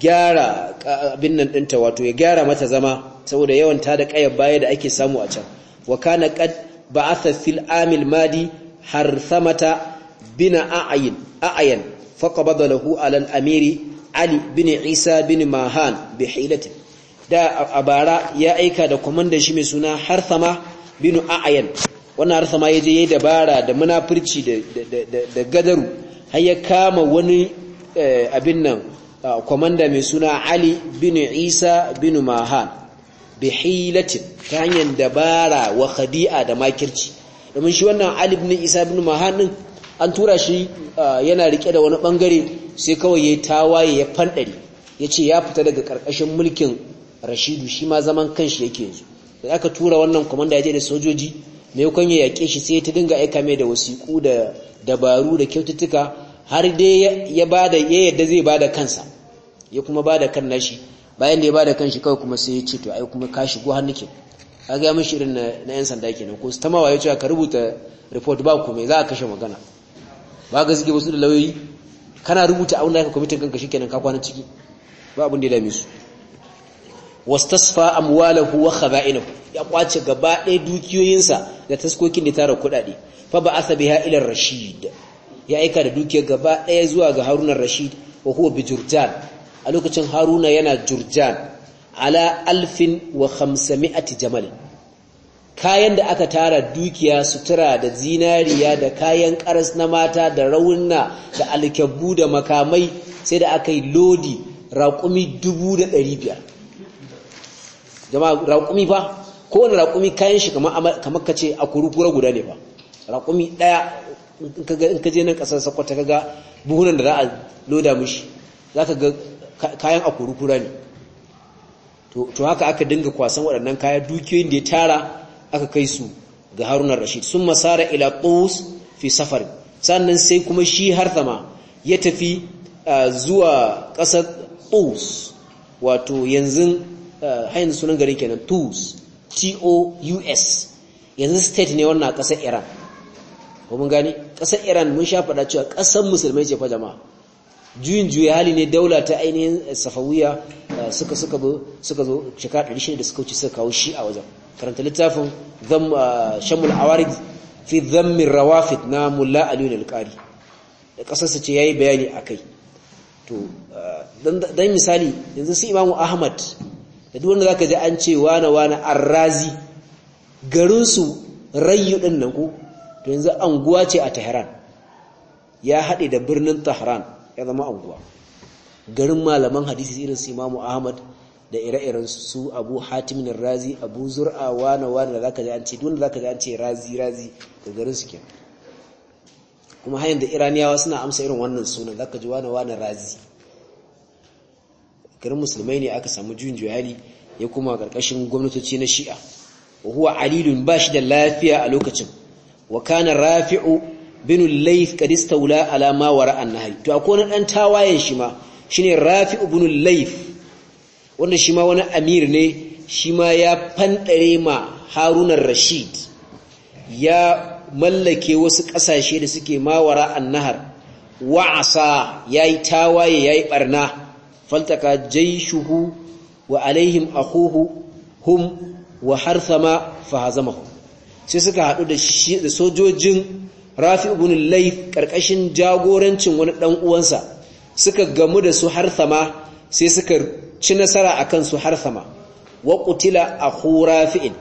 gyara abin nan dinta wato ya gyara mata zama saboda yawan ta da ƙayar baya da ake samu a can wa kana qad ba'atha fil amil madi harsamata bina a'ayin a'ayan faqabada lahu ala al-amiri ali bin isa bin mahan bi hilatin da a bara ya aika da komandan shi mai suna harsama bin a'ayan wannan harsama ya je yayi dabara da munafurci da da gadaru har ya kama wani eh, abin nan komanda mai suna ali bin isa bin mahan bi hilatin ta hanyar dabara wa khadi'a da makirci domin shi wannan Ali ibn Isa ibn mahanin an tura shi yana rike da wani bangare sai kawai ya tawaye ya fandare ce ya fita daga karkashin mulkin Rashidu shi ma zaman kanshi yake yanzu da aka tura wannan kwamanda ya je da sojoji maimakon ya yake shi sai ta dinga aika mai da wasiku da dabaru da kyaututtuka har dai ya bada ya yadda zai bada kansa ya kuma bada kan nashi bayan da ya bada kanshi kawai kuma sai ya ce to ai kuma ka shigo har nake ka ya mishi irin na yan sanda kenan ko su tamawa ya ce ka rubuta report ba ku mai za a kashe magana ba ga suke wasu da lauyoyi kana rubuta abin da ka kwamitin kanka shikenan ka kwana ciki ba abin da ya dame su wastasfa amwalahu wa khaba'inahu ya kwace gaba ɗaya dukiyoyinsa da taskokin da tara kuɗaɗe fa asabe biha ila rashid ya aika da dukiyar gaba ɗaya zuwa ga harunar rashid wa huwa bijurtan a lokacin haruna yana jurjan ala alfin wa khamsami'ati jamalin kayan da aka tara dukiya sutura da zinariya da kayan karas na mata da raunna da alkyabu da makamai sai da aka yi lodi raƙumi dubu da ɗari biyar jama'a raƙumi fa kowane raƙumi kayan shi kamar ka ce a kurukura guda ne fa raƙumi ɗaya in ka je nan ƙasar sakwata ka ga buhunan da za a loda mushi za ka ga kayan a kurukura ne to haka aka dinga kwasan waɗannan kayan dukiyoyin da ya tara aka kai su ga haruna rashid sun masara ila ƙus fi safari sannan sai kuma shi har zama ya tafi zuwa ƙasar ƙus wato yanzu sunan garin kenan tus t-o-u-s yanzu state ne wannan ƙasar iran ko mun gani ƙasar iran mun sha faɗa cewa ƙasar musulmai ce fa jama'a juyin juyi hali ne daula ta ainihin eh, safawiya eh, suka suka suka zo shekara ɗari shida da suka wuce suka kawo shi a wajen karanta littafin eh, shamul awarid fi zammin rawafit na mulla aliyu da qari da ƙasarsa ce ya yi bayani a kai. to dan misali yanzu su imamu ahmad da duk wanda ka ji an ce wana wana arrazi razi garinsu rayu ɗin nan ko to yanzu anguwa ce a tehran ya haɗe da birnin tehran ya zama anguwa garin malaman hadisi irin su imamu ahmad da ire-iren su abu hatimin razi abu zur'a wana wana da zaka ji an ce zaka ji an ce razi razi da garin su kenan kuma hayan da iraniyawa suna amsa irin wannan sunan zaka ji wana wana razi garin musulmai ne aka samu juyin juyali ya kuma karkashin gwamnatoci na shi'a wa huwa alilun shi da lafiya a lokacin wa kana rafi'u bin al-layth kad ala ma wara an to akwai wani dan tawayen shi ma shine rafi ibn al wanda shi ma wani amir ne shi ma ya fandare ma harun rashid ya mallake wasu kasashe da suke mawara an-nahar wa'asa yayi tawaye yayi barna faltaka jayshuhu wa alaihim akhuhu hum wa harthama fahazamahu sai suka hadu da sojojin rafi ibn layth karkashin jagorancin wani dan uwansa suka gamu da su harthama sai suka ci nasara akan su harthama wa qutila akhu rafi'in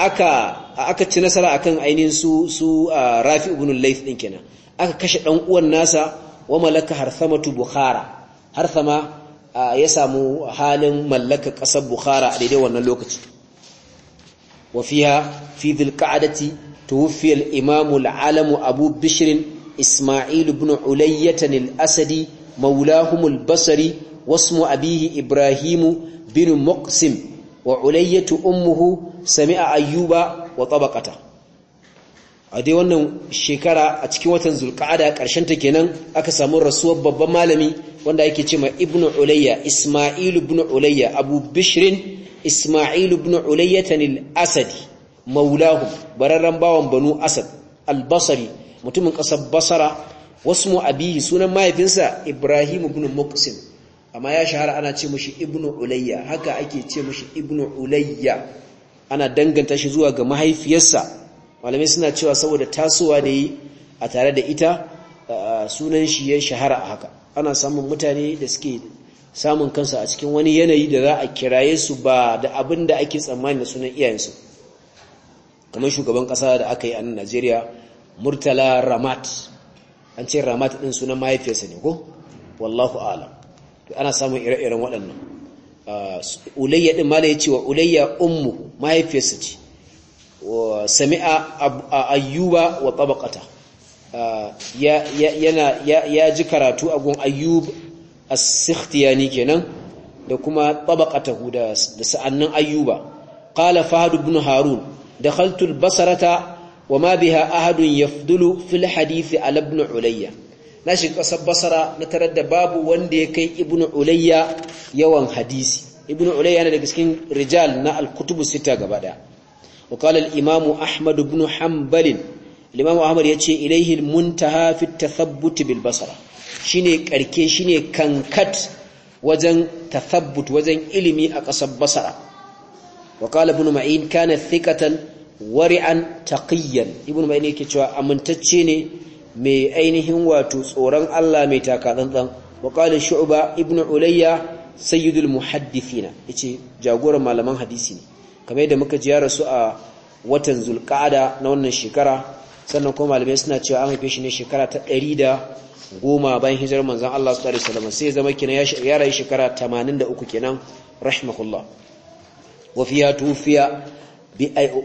aka aka ci nasara akan ainihin su su rafi ibn layth din kenan aka kashe dan uwan nasa wa malaka harthamatu bukhara harthama ya samu halin mallaka kasar bukhara a daidai wannan lokaci wa fiha fi dhil qa'dati توفي الإمام العالم أبو بشر إسماعيل بن علية الأسدي مولاهم البصري واسم أبيه إبراهيم بن مقسم وعلية أمه سمع أيوب وطبقته a dai wannan shekara a cikin watan zulka'ada ta kenan aka samu rasuwar babban malami wanda yake ce ma ibnu ulayya isma'il ibn ulayya abu bishrin isma'il ibn ulayya tanil asadi maulahu bararran bawan banu asad albasari mutumin ƙasar basara wasu abihi sunan mahaifinsa ibrahim ibn muqsim amma ya shahara ana ce mashi ibn ulayya haka ake ce mashi ibn ulayya ana danganta shi zuwa ga mahaifiyarsa malamai suna cewa saboda tasowa da yi a tare da ita sunan shi ya shahara a haka ana samun mutane da suke samun kansa a cikin wani yanayi da za a kiraye su ba da abin da ake tsammani da sunan iyayensu kamar shugaban ƙasa da aka yi a Najeriya Murtala Ramat an ce Ramat ɗin sunan mahaifiyarsa ne ko wallahu a'lam to ana samun ire-iren waɗannan ah, ulayya din mala ce wa ulayya ummu mahaifiyarsa ce sami'a ayyuba wa tabaqata ah, ya ji karatu a gun ayyub as-sikhtiyani kenan da kuma tabaqatahu da sa'annan ayyuba qala Fahadu ibn harun دخلت البصرة وما بها أحد يفضل في الحديث على ابن علي ناشي قصب بصرة نتردى باب واندي كي ابن علي يوان حديث ابن علي أنا لقسكين رجال نا الكتب الستة قبدا وقال الإمام أحمد بن حنبل الإمام أحمد يتشي إليه المنتهى في التثبت بالبصرة شيني كاركي شيني كانكت وزن تثبت وزن إلمي أقصب بصرة وقال ابن معين كان ثقة wari'an taqiyyan ibnu maini yake cewa amintacce ne mai ainihin wato tsoron Allah mai taka wa qala shu'ba ibnu ulayya sayyidul muhaddithina yace jagoran malaman hadisi ne kamar yadda muka ji ya rasu a watan zulqa'ada na wannan shekara sannan kuma malamai suna cewa an haife shi ne shekara ta ɗari da goma bayan hijirar manzan Allah su alaihi sai zama kina ya rayu shekara tamanin da kenan rahimahullah wa fiya tufiya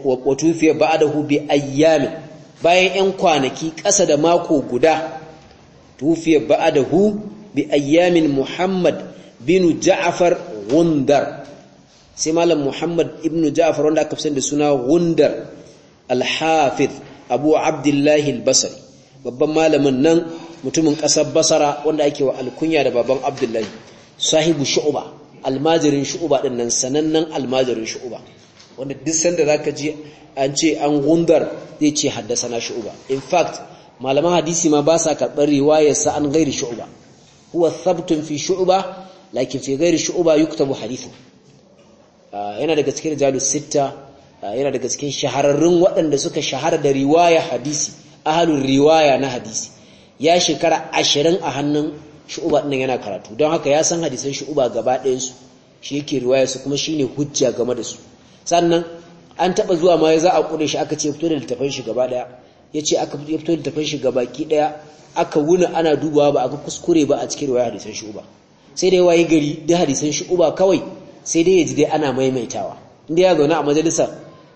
wa tufiya ba'dahu bi ayyamin bayan 'yan kwanaki ƙasa da mako guda tufiya ba'dahu bi ayyamin Muhammad bin Ja'far Gundar sai malam Muhammad ibn Ja'far wanda aka fi da suna Gundar al-Hafiz Abu Abdullah al-Basri babban malamin nan mutumin ƙasar Basra wanda ake wa alkunya da baban Abdullahi sahibu Shu'ba almajirin Shu'ba din nan sanannen almajirin Shu'ba wanda duk sanda ka ji an ce an gundar zai ce haddasana shu'ba in fact malaman hadisi ma ba sa karɓar riwayar an gairi shu'ba huwa thabtun fi shu'ba lakin fi gairi shu'ba yuktabu hadithu ah, yana daga cikin Jalus Sita ah, yana daga cikin shahararrun waɗanda suka shahara da riwaya hadisi ahlul riwaya na hadisi ya shekara ashirin a hannun shu'uba ɗin yana karatu don haka ya san hadisan shu'uba gaba ɗayansu shi yake riwaya su kuma shine hujja game da su sannan an taba zuwa ma ya za a kure shi aka ce fito da littafin shi gaba daya ya ce aka fito da littafin shi gaba ki daya aka wuna ana dubawa ba aka kuskure ba a cikin ruwa hadisan uba sai dai waye gari da hadisan uba kawai sai dai ya ji dai ana maimaitawa inda ya zauna a majalisa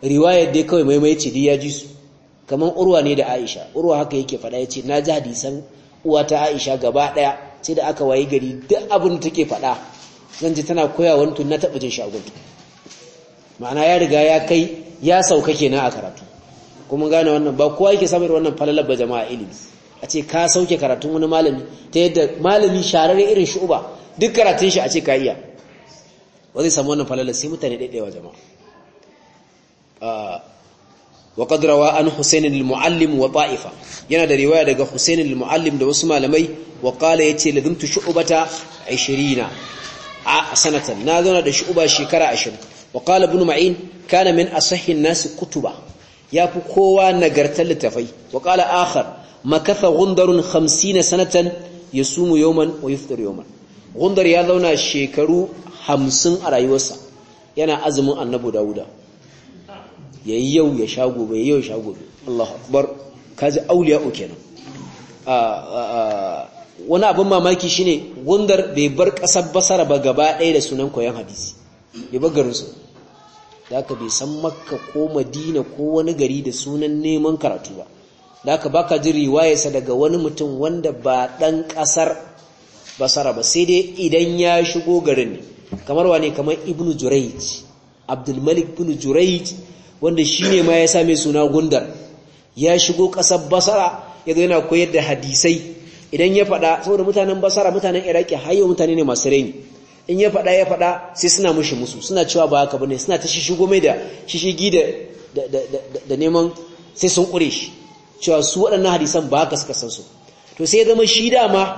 riwayar dai kawai maimaici dai ya ji su kamar urwa ne da Aisha urwa haka yake faɗa ce na ji hadisan uwata Aisha gaba daya sai da aka waye gari duk abin da take faɗa zan ji tana koyawa wani tun na taɓa jin shagon. ma'ana ya riga ya kai ya sauka kenan a karatu kuma gane wannan ba kowa yake samun wannan falalar ba jama'a ilimi a ce ka sauke karatun wani malami ta yadda malami shararren irin uba duk karatun shi a ce ka iya wani samu wannan falalar sai mutane daidaiwa jama'a ah, wa qad rawa an Husayn al-Muallim wa Ta'ifa yana da riwaya daga Husayn al-Muallim da wasu malamai wa qala yace ladimtu shu'bata 20 a sanatan na zauna da shu'ba shekara 20 wa qala ibn ma'in kana min asahi nasi kutuba yafi kowa nagartar littafai wa qala akhar makatha gundarun 50 sanatan yasumu yawman wa yaftar yawman gundar ya zauna shekaru 50 a rayuwarsa yana azumin annabi dauda yayi yau ya sha gobe yayi yau ya sha gobe Allahu akbar kaji auliya kenan wani abin mamaki shine gundar bai bar kasar basara ba gaba ɗaya da sunan koyon hadisi Ya bar garinsu da aka bai san makka ko madina ko wani gari da sunan neman karatu ba da aka baka ji riwayarsa daga wani mutum wanda ba ɗan ƙasar basara ba sai dai idan ya shigo garin ne kamar wane kamar ibnu jurayj abdulmalik Ibn jurayj wanda shi ne ma ya sa mai suna gundar ya shigo ƙasar basara ya yana koyar da hadisai idan ya faɗa saboda mutanen basara mutanen iraki har yau mutane ne masu raini in ya faɗa ya faɗa sai suna mushi musu suna cewa ba haka bane suna ta shishigo mai da shishigi da da neman sai sun ƙure shi cewa su waɗannan hadisan ba haka suka san su to sai ya zama shi dama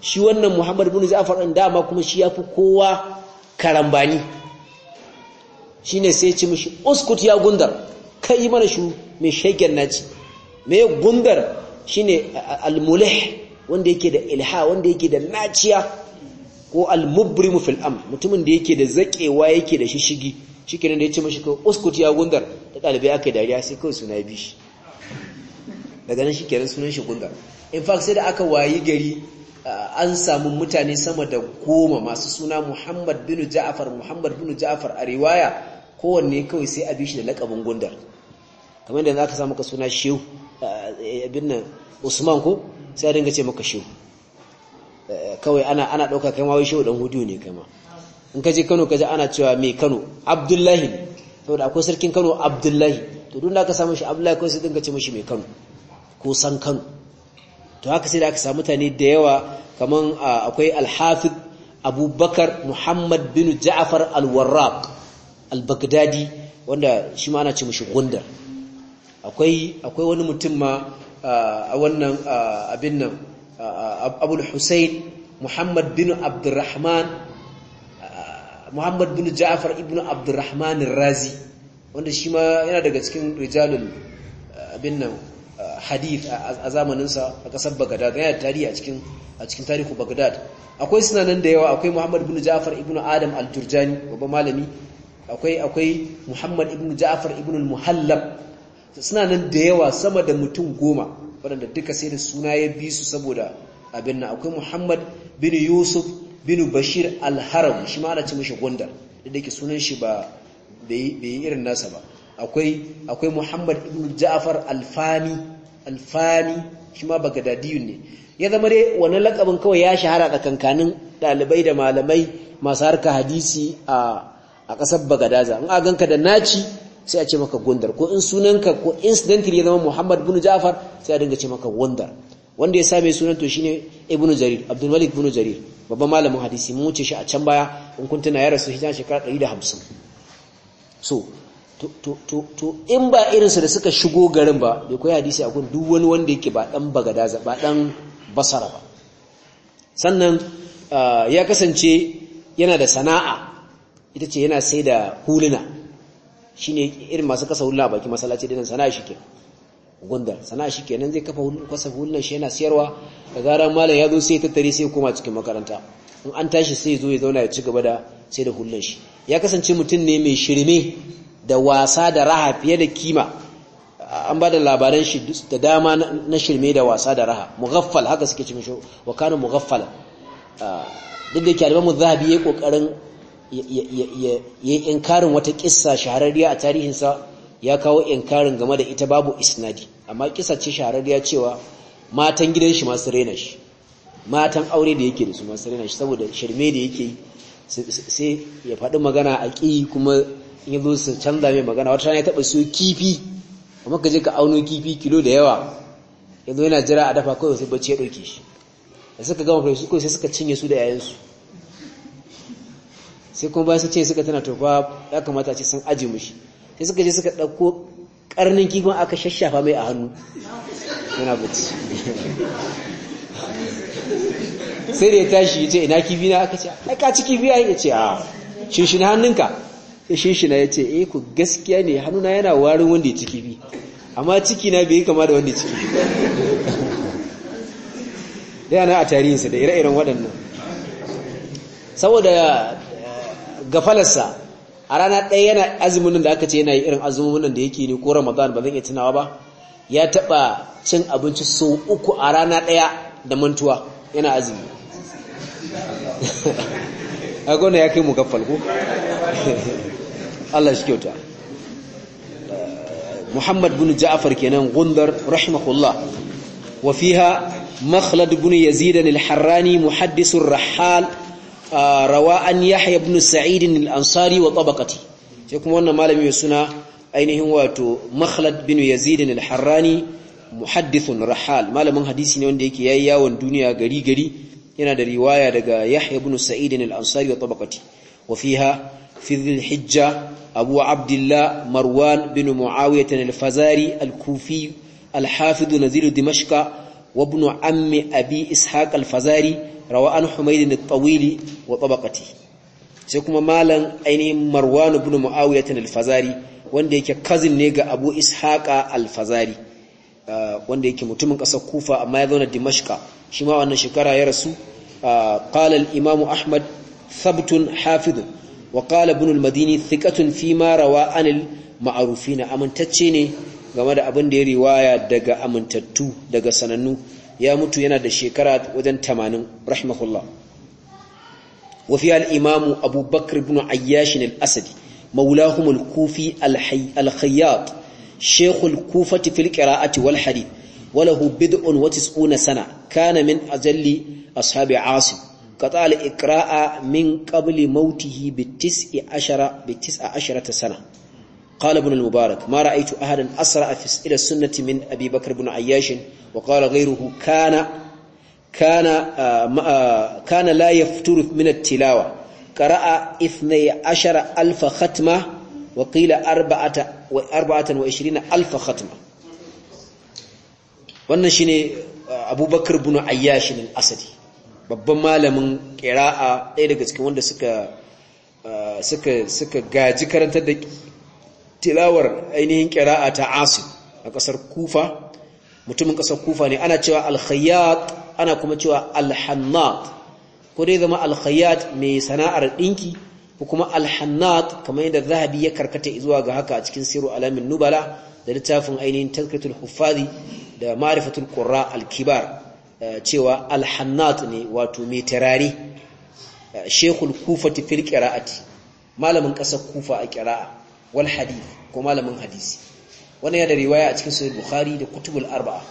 shi wannan Muhammad bin Ja'far din dama kuma shi ya fi kowa karambani shine sai ya ci mushi uskut ya gundar kai mana shu mai shagen naci mai gundar shine al-mulih wanda yake da ilha wanda yake da naciya ko al-mubrimu fil amr mutumin da yake da zakewa yake da shishigi shikenan da yace mishi ko uskut ya gundar da dalibai aka dariya sai kawai suna bi shi daga nan shikenan sunan shi gundar in fact sai da aka wayi gari an samu mutane sama da goma masu suna Muhammad bin Ja'far Muhammad bin Ja'far a riwaya kowanne kawai sai a shi da lakabin gundar kamar da aka samu ka suna shehu ibn Usman ko sai a dinga ce maka shehu kawai ana ana dauka kai ma wai shehu dan hudu ne kai ma in ka je Kano ka ji ana cewa me Kano Abdullahi da akwai sarkin Kano Abdullahi to dun da ka samu shi Abdullahi ko sai dinka ce mishi me Kano ko san Kano to haka sai da aka samu mutane da yawa kaman akwai Al-Hafiz Abubakar Muhammad bin Ja'far Al-Warraq Al-Baghdadi wanda shi ma ana ce mishi Gundar akwai akwai wani mutum ma a wannan abin nan abul hussein muhammad bin abdurrahman muhammad bin ja'far ibn abdurrahman razi wanda shi ma yana daga cikin rijalul abin nan hadith a zamaninsa a kasar bagdad yana tarihi a cikin a cikin tarihi bagdad akwai sunanan da yawa akwai muhammad bin ja'far ibn adam al-jurjani babban malami akwai akwai muhammad ibn ja'far ibn al-muhallab sunanan da yawa sama da mutum goma waɗanda duka sai da suna ya bi su saboda abin na akwai Muhammad bin Yusuf bin Bashir al shi ma ana ce mashi Gondar da yake sunan shi ba bai yi irin nasa ba akwai akwai Muhammad ibn Ja'far al-Fani shima shi ma gadadiyun ne ya zama dai wani lakabin kawai ya shahara tsakankanin ɗalibai da malamai masu harka hadisi a a ƙasar Bagadaza in a ganka da naci sai a ce maka gondar ko in sunanka ko incidentally ya zama Muhammad bin Ja'far sai a dinga ce maka gondar wanda ya same sunan to shine Ibn Jarir Abdul Malik ibn Jarir babban malamin hadisi mu wuce shi a can baya in kun tana ya rasu hijira shekara 150 so to to to in ba irin su da suka shigo garin ba bai koyi hadisi a gun duk wani wanda yake ba dan Bagadaza ba dan basara ba sannan ah, ya kasance yana da sana'a ita ce yana sai da huluna shine irin masu kasa hulla baki masallaci dinan sana'a shi kenan gundar sana'a shi kenan zai kafa hulun kasa hulun shi yana siyarwa da zarar malam ya zo sai tattare sai koma cikin makaranta in an tashi sai zo ya zauna ya ci gaba da sai da hulun shi ya kasance mutum ne mai shirme da wasa da raha fiye da kima an ba da labaran shi da dama na shirme da wasa da raha mughaffal haka suke cikin shi wa kana mughaffala ah, duk da kyalibar mu zahabi yayi kokarin ya yi inkarin wata kissa shahararriya a tarihinsa ya kawo inkarin game da ita babu isnadi amma kissa ce shahararriya cewa matan gidan shi masu rena shi matan aure da yake da su masu rena shi saboda shirme da yake sai ya faɗi magana a ƙi kuma yi zo su canza mai magana wata rana ya taɓa siyo kifi kuma ka je ka auno kifi kilo da yawa yanzu yana jira a dafa kawai sai bacci ya ɗauke shi da suka gama fahimci kawai sai suka cinye su da yayansu sai kuma bayan sun ce suka tana tofa ya kamata ce sun aji mushi sai suka je suka ɗauko ƙarnin kifin aka shashafa mai a hannu yana bacci sai da ya tashi ya ce ina kifi na aka ce aka ci kifi ya ce a ah, na hannunka ya na ya ce eh ku gaskiya ne hannuna yana warin wanda ya ci kifi amma ciki na bai kama da wanda ya ci kifi da yana a tarihinsa da ire-iren waɗannan saboda gafalarsa a rana ɗaya yana azumin da aka ce yana yi irin azumin da yake ne ko ramadan ba zan iya tunawa ba ya taɓa cin abinci sau uku a rana ɗaya da mantuwa yana azumi a gona ya kai mu gafal ko Allah shi kyauta Muhammad bin Ja'far kenan Gundar rahimahullah wa fiha Makhlad bin Yazid al-Harrani muhaddisur Rahal rawa an yahya ibn sa'id al-ansari wa tabaqati sai kuma wannan malami mai suna ainihin wato makhlad bin yazid al-harrani muhaddithun rahal malamin hadisi ne wanda yake yayi yawon duniya gari gari yana da riwaya daga yahya ibn sa'id al-ansari wa tabaqati wa fiha fi al-hijja abu abdullah marwan bin muawiyah al-fazari al-kufi al naziru nazir wa وابن عم abi إسحاق الفزاري rawa an humaydin tawili wa tabaqati sai kuma malam ainihin marwan ibn muawiyah al-fazari wanda yake cousin ne ga abu ishaqa al-fazari wanda yake mutumin kasar kufa amma ya zauna dimashqa shi ma wannan shekara ya rasu qala al-imam ahmad thabtun hafidh wa qala ibn al-madini thiqatun fi ma rawa an al-ma'rufin amintacce ne game da abin da ya riwaya daga amintattu daga sanannu ya mutu yana da shekara wajen 80 rahimahullah wa fi al-imam Abu Bakr ibn Ayyash al-Asadi mawlahum al-Kufi al-Khayyat shaykh al-Kufa fi al-qira'ati wal hadith wa lahu bid'un wa tis'una sana kana min ajalli ashabi Asim qata al-iqra'a min qabli mautihi bi 19 bi 19 sana قال ابن المبارك ما رأيت أحدا أسرع في إلى السنة من أبي بكر بن عياش وقال غيره كان كان آآ آآ كان لا يفتر من التلاوة قرأ اثني عشر ألف ختمة وقيل أربعة وأربعة وعشرين ألف ختمة wannan shine abubakar bin ayyash bin asadi babban malamin qira'a ɗaya daga cikin wanda suka suka suka gaji karantar da tilawar ainihin kira'a ta asim a ƙasar kufa mutumin ƙasar kufa ne ana cewa alkhayyat ana kuma cewa alhannat ko dai zama alkhayyat mai sana'ar ɗinki ko kuma alhannat kamar yadda zahabi ya karkata zuwa ga haka a cikin siru alamin nubala da littafin ainihin tazkiratul huffazi da ma'rifatul qurra alkibar eh, cewa alhannat ne wato mai tarare eh, shekul kufati fil qira'ati malamin ƙasar kufa a qira'a wal hadith ko malamin hadisi wannan yana da riwaya a cikin sahih bukhari da kutubul arba'a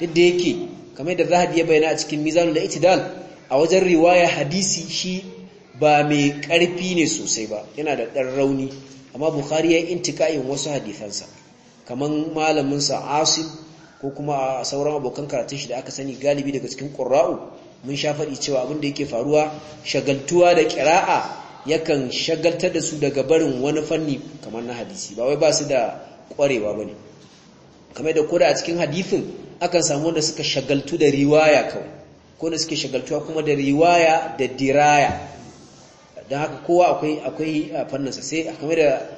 duk da yake kamar da zahabi ya bayyana a cikin mizanul i'tidal a wajen riwaya hadisi shi ba mai karfi ne sosai ba yana da dan rauni amma bukhari ya intika'in wasu hadisansa kamar malamin sa asib ko kuma sauran abokan karatun shi da aka sani galibi daga cikin qurra'u mun sha faɗi cewa abin da yake faruwa shagaltuwa da qira'a yakan shagaltar da su daga barin wani fanni kamar na hadisi ba wai ba su da kwarewa ba ne kamar da koda a cikin hadifin akan samu wanda suka shagaltu da riwaya kawai ko da suke shagaltuwa kuma da riwaya da diraya don haka kowa akwai akwai fannansa sai kamar da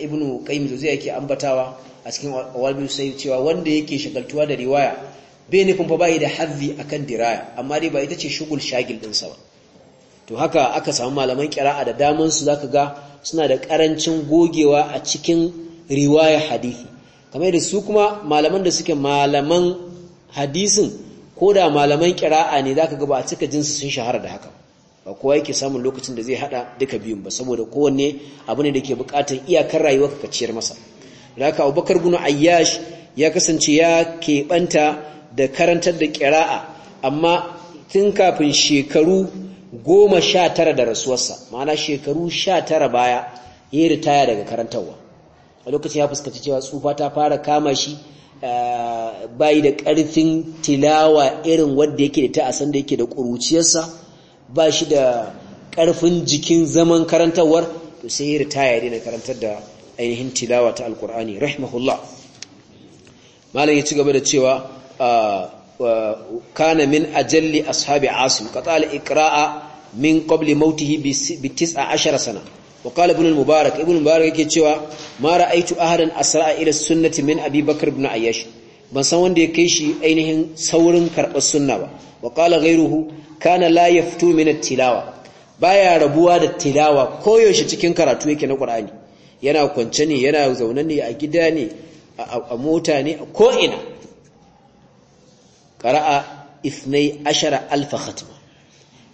ibnu qayyim zai yake ambatawa a cikin walbi sai cewa wanda yake shagaltuwa da riwaya bai nufin fa bai da hazzi akan diraya amma dai ba ita ce shugul shagil din ba to haka aka samu malaman kira'a da daman su zaka ga suna da karancin gogewa a cikin riwaya hadisi kamar da su kuma malaman da suke malaman hadisin ko da malaman kira'a ne zaka ga ba a cika jinsu sun shahara da haka ba kowa yake samun lokacin da zai hada duka biyun ba saboda kowanne abu ne da ke bukatar iyakar rayuwar ka ciyar masa haka Abubakar bin Ayyash ya kasance ya keɓanta da karantar da kira'a amma tun kafin shekaru goma sha tara da rasuwarsa ma'ana shekaru sha tara baya ya ritaya daga karantarwa a lokacin ya fuskanci cewa tsufa ta fara kama shi eh, bayi da ƙarfin tilawa irin wanda yake da ta a sanda yake da ƙuruciyarsa ba shi da ƙarfin jikin zaman karantarwar to sai ya ritaya ya daina karantar da ainihin tilawa ta alkur'ani rahimahullah malam ya ci gaba da cewa eh, kana min ajalli ashabi asim qata al-iqra'a min qabli mautihi bi 19 sana wa qala ibn mubarak ibn mubarak yake cewa ma ra'aitu ahadan asra'a ila sunnati min abi bakr ibn ayyash ban san wanda ya kai shi ainihin saurin karɓar sunna ba wa qala ghayruhu kana la yaftu min at-tilawa baya rabuwa da tilawa koyaushe cikin karatu yake na qur'ani yana kwance ne yana zaune ne a gida ne a mota ne ko ina qara'a ithnai ashara alf khatma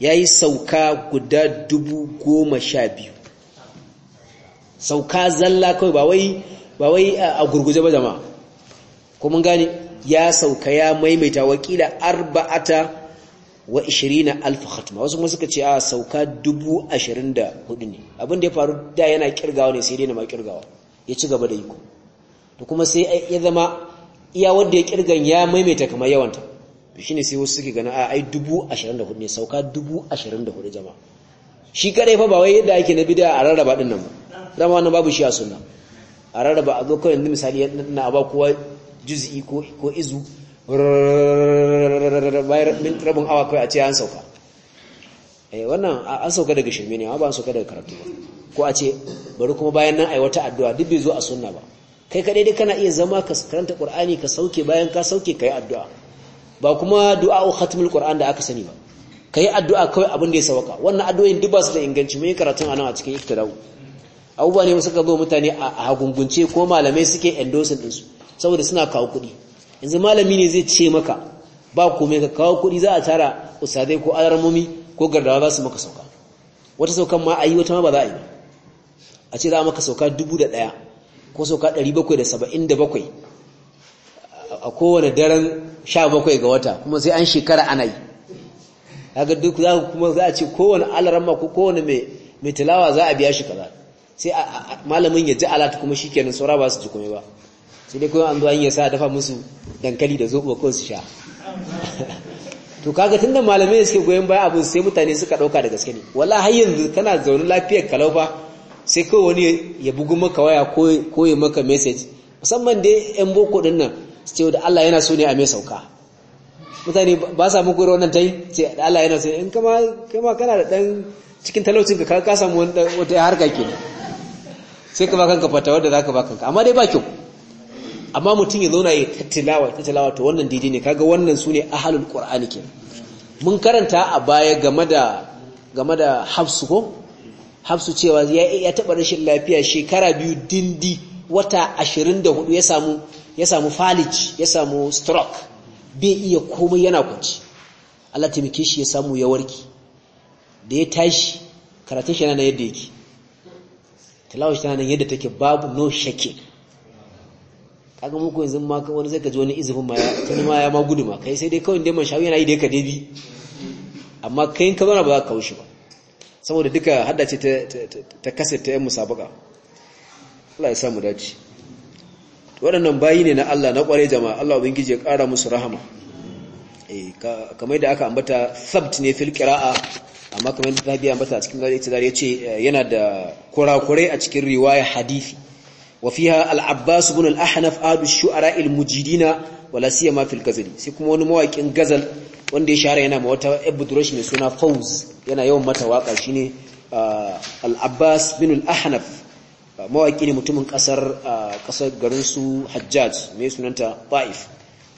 yayi sauka guda dubu goma sha biyu sauka zalla kawai ba wai ba wai a gurguje ba jama'a ko mun gane ya sauka ya maimaita wakila arba'ata wa 20 alf khatma wasu kuma suka ce a sauka 24 ne abin da ya faru da yana kirgawa ne sai dai na ma kirgawa ya ci gaba da iko to kuma sai ya zama iya wanda ya kirgan ya maimaita kamar yawanta shi ne sai wasu suke gana a ai dubu ashirin da hudu ne sauka dubu ashirin da hudu jama shi kadai fa ba wai yadda ake na bidiya a rarraba din nan ba dama wannan babu shi a suna, a rarraba a zo kawai yanzu misali na ba kowa juz'i ko izu bayan rabin awa kawai a ce an sauka eh, wannan an sauka daga shirme ne ba an sauka daga karatu ba ko a ce bari kuma bayan nan ai wata addu'a duk bai zo a suna ba kai kadai dai kana iya zama ka karanta qur'ani ka sauke bayan ka sauke kai addu'a ba kuma du'a'u khatmul qur'an da aka sani ba kai addu'a kawai abin da ya sauka wannan addu'o'in duk ba su da inganci mun yi karatun anan a cikin iktidau abubuwa ne suka zo mutane a hagungunce ko malamai suke endorsing din su saboda suna kawo kuɗi yanzu malami ne zai ce maka ba komai ka kawo kuɗi za a tara usadai ko alarmomi ko gardawa za su maka sauka wata saukan ma ayi wata ma ba za a yi a ce za maka sauka dubu da ɗaya ko sauka ɗari bakwai da saba'in da bakwai a kowane daren sha bakwai ga wata kuma sai an shekara ana yi haka duk za kuma za a ce kowane alarama mako kowane mai tilawa za a biya shi kaza sai malamin ya ji alatu kuma shi kenan saura ba su ji kome ba sai dai kuma an zuwa an yi sa dafa musu dankali da zoɓo ko sha to kaga tunda malamai suke goyon baya abu sai mutane suka ɗauka da gaske ne wala har yanzu kana zaune lafiyar kalau fa sai kawai wani ya bugu maka waya ko ya maka message musamman dai yan boko dinnan. su ce da Allah yana so ne a mai sauka mutane ba sa muku irin wannan tai ce da Allah yana so in kama kama kana da dan cikin talaucin ka ka samu wata harka ke sai ka ba kanka fata wanda zaka ba kanka amma dai ba kyau amma mutum ya zauna ya tilawa ta tilawa to wannan daidai ne kaga wannan sune ahlul qur'ani ke mun karanta a baya game da game da hafsu ko hafsu cewa ya ya taba rashin lafiya shekara biyu dindi wata 24 ya samu ya samu falij ya samu stroke bai iya komai yana kwanci Allah taimake shi ya samu ya warki da ya tashi karatun shi yana yadda yake tilawar shi tana nan yadda take babu no shake kaga muku yanzu ma wani zai ka ji wani izufin ma ya tuni ma ya ma gudu ma kai sai dai kawai dai man shawi yana yi dai ka dai amma kai ka zauna ba za ka kawo shi ba saboda duka haddace ta ta ta ta yan musabaka Allah ya samu dace waɗannan bayi ne na Allah na ƙware jama'a Allah ubangiji ya ƙara musu rahama eh, kamar da aka ambata sabt ne fil qira'a amma kamar da tabiya ambata a cikin gari eh, yana da kurakurai a cikin riwaya hadisi wa fiha al-abbas ibn al-ahnaf adu shu'ara al-mujidina wala siyama fil ghazali sai kuma wani mawakin gazal wanda ya shahara yana ma wata ibdurash mai suna fauz yana yawan mata waka shine ah, al-abbas ibn al-ahnaf mawaki ne mutumin kasar kasar garin su Hajjaj mai sunanta Taif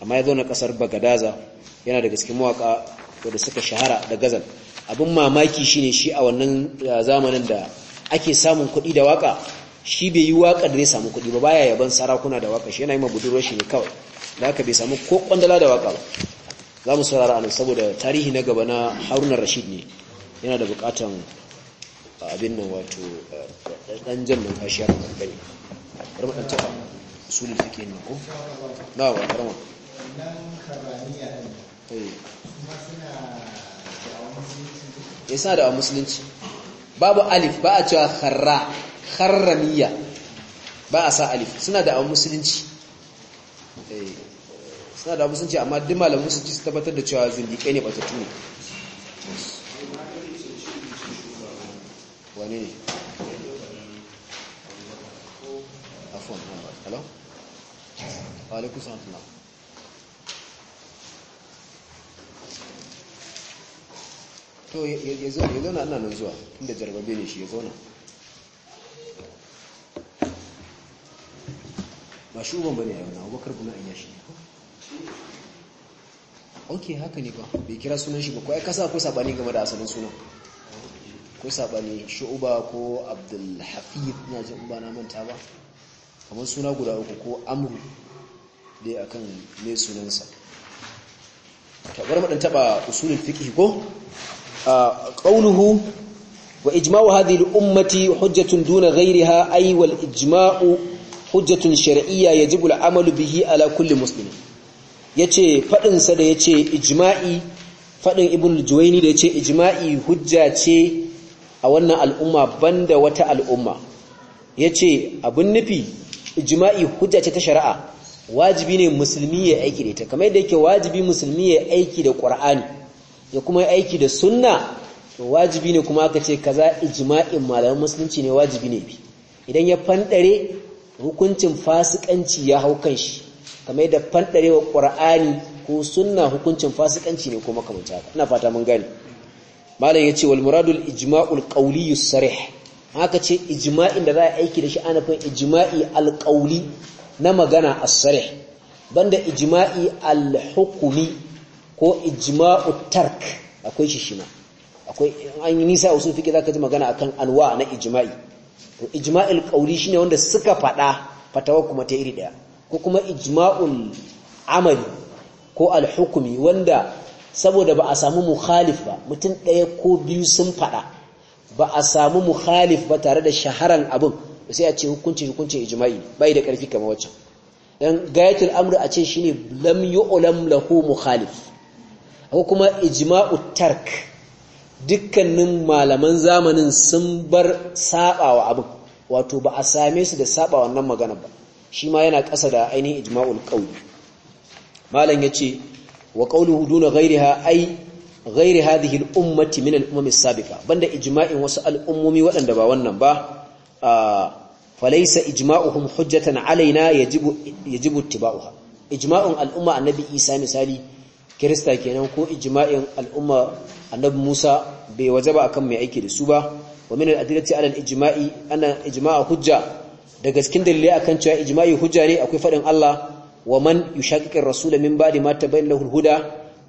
amma ya zo na kasar Bagadaza yana daga cikin mawaka wanda suka shahara da gazal abin mamaki shine shi a wannan zamanin da ake samun kuɗi da waka shi bai yi waka da zai samu kuɗi ba baya yaban sarakuna da waka shi yana yi budurwar shi ne kawai da haka bai samu ko kwandala da waka ba za mu saurara nan saboda tarihi na gaba na Haruna Rashid ne yana da bukatan abin nan wato dan eh, jan nan kashi haka kankani karma dan taba usulul fiqh ne ko na wa karma eh. ya sa da musulunci babu alif ba a cewa kharra kharramiya ba a sa alif suna da musulunci eh. suna da musulunci amma duk malamin musulunci su tabbatar da cewa zindiƙai ne batattu tuni. wane ne afuwan umar hello alaikun sanatuna to ya zauna ana nan zuwa inda jarbabe ne shi ya zauna ba shugaban bane a yana abubakar kuna an yashi ok haka ne ba bai kira sunan shi ba kwaya kasa ko sabani game da asalin sunan ko saɓani shu'uba ko abdulhafiz na jin ba na manta ba kamar suna guda uku ko amru dai akan mai sunansa tabar madan taɓa usulul fiqh ko qawluhu wa ijma'u hadhihi al-ummati hujjatun duna ghayriha ay wal ijma'u hujjatun shar'iyya yajibu al-amalu bihi ala kulli muslim yace fadin sa da yace ijma'i fadin ibn al-juwayni da yace ijma'i hujja ce a wannan al'umma ban da wata al'umma ya ce abin nufi jima'i hujja ce ta shari'a wajibi ne musulmi ya aiki da ita kamar yadda yake wajibi musulmi ya aiki da ƙwar'ani ya kuma aiki da sunna wajibi ne kuma aka ce ka kaza ijima'in malaman musulunci ne wajibi ne bi idan ya fandare hukuncin fasikanci ya hau kan shi kamar yadda wa ƙwar'ani ko sunna hukuncin fasikanci ne ko haka ina fata mun gani. malam yace wal muradul ijma'ul qawli sarih haka ce ijma'in da za a aiki da shi ana fa ijma'i al qawli na magana as-sarih banda ijma'i al hukmi ko ijma'u tark akwai shi akwai an yi nisa usul fiqi zaka ji magana akan anwa na ijma'i to ijma'il qawli shine wanda suka fada fatawa kuma ta iri daya ko kuma ijma'ul amali ko al hukmi wanda saboda ba a samu mukhalif ba mutum ɗaya ko biyu sun faɗa ba a samu mukhalif ba tare da shaharan abin sai a ce hukunci hukuncin ijima'i bai da ƙarfi kama wacce don gayatul amri a ce shi shine lam yu'lam lahu mukhalif ko kuma ijma'u tark dukkanin malaman zamanin sun bar sabawa abin wato ba a same su da saba wannan magana ba shi ma yana ƙasa da ainihin ijma'ul qawl malam ce. wa qawluhu duna ghayriha ay ghayri hadhihi al-ummati min al-umam as banda ijma'in wasu al'ummomi waɗanda ba wannan ba falaysa hujjata na alaina yajibu yajibu ittiba'uha ijma'un al'umma annabi Isa misali kirista kenan ko ijma'in al'umma annabi Musa bai wajaba akan mai aiki da su ba wa min al-adillati ala al ijma'a hujja da gaskin dalilai akan cewa ijma'i hujja ne akwai fadin Allah wa man yushaqiqir rasul min ba'di ma tabayyana lahu al-huda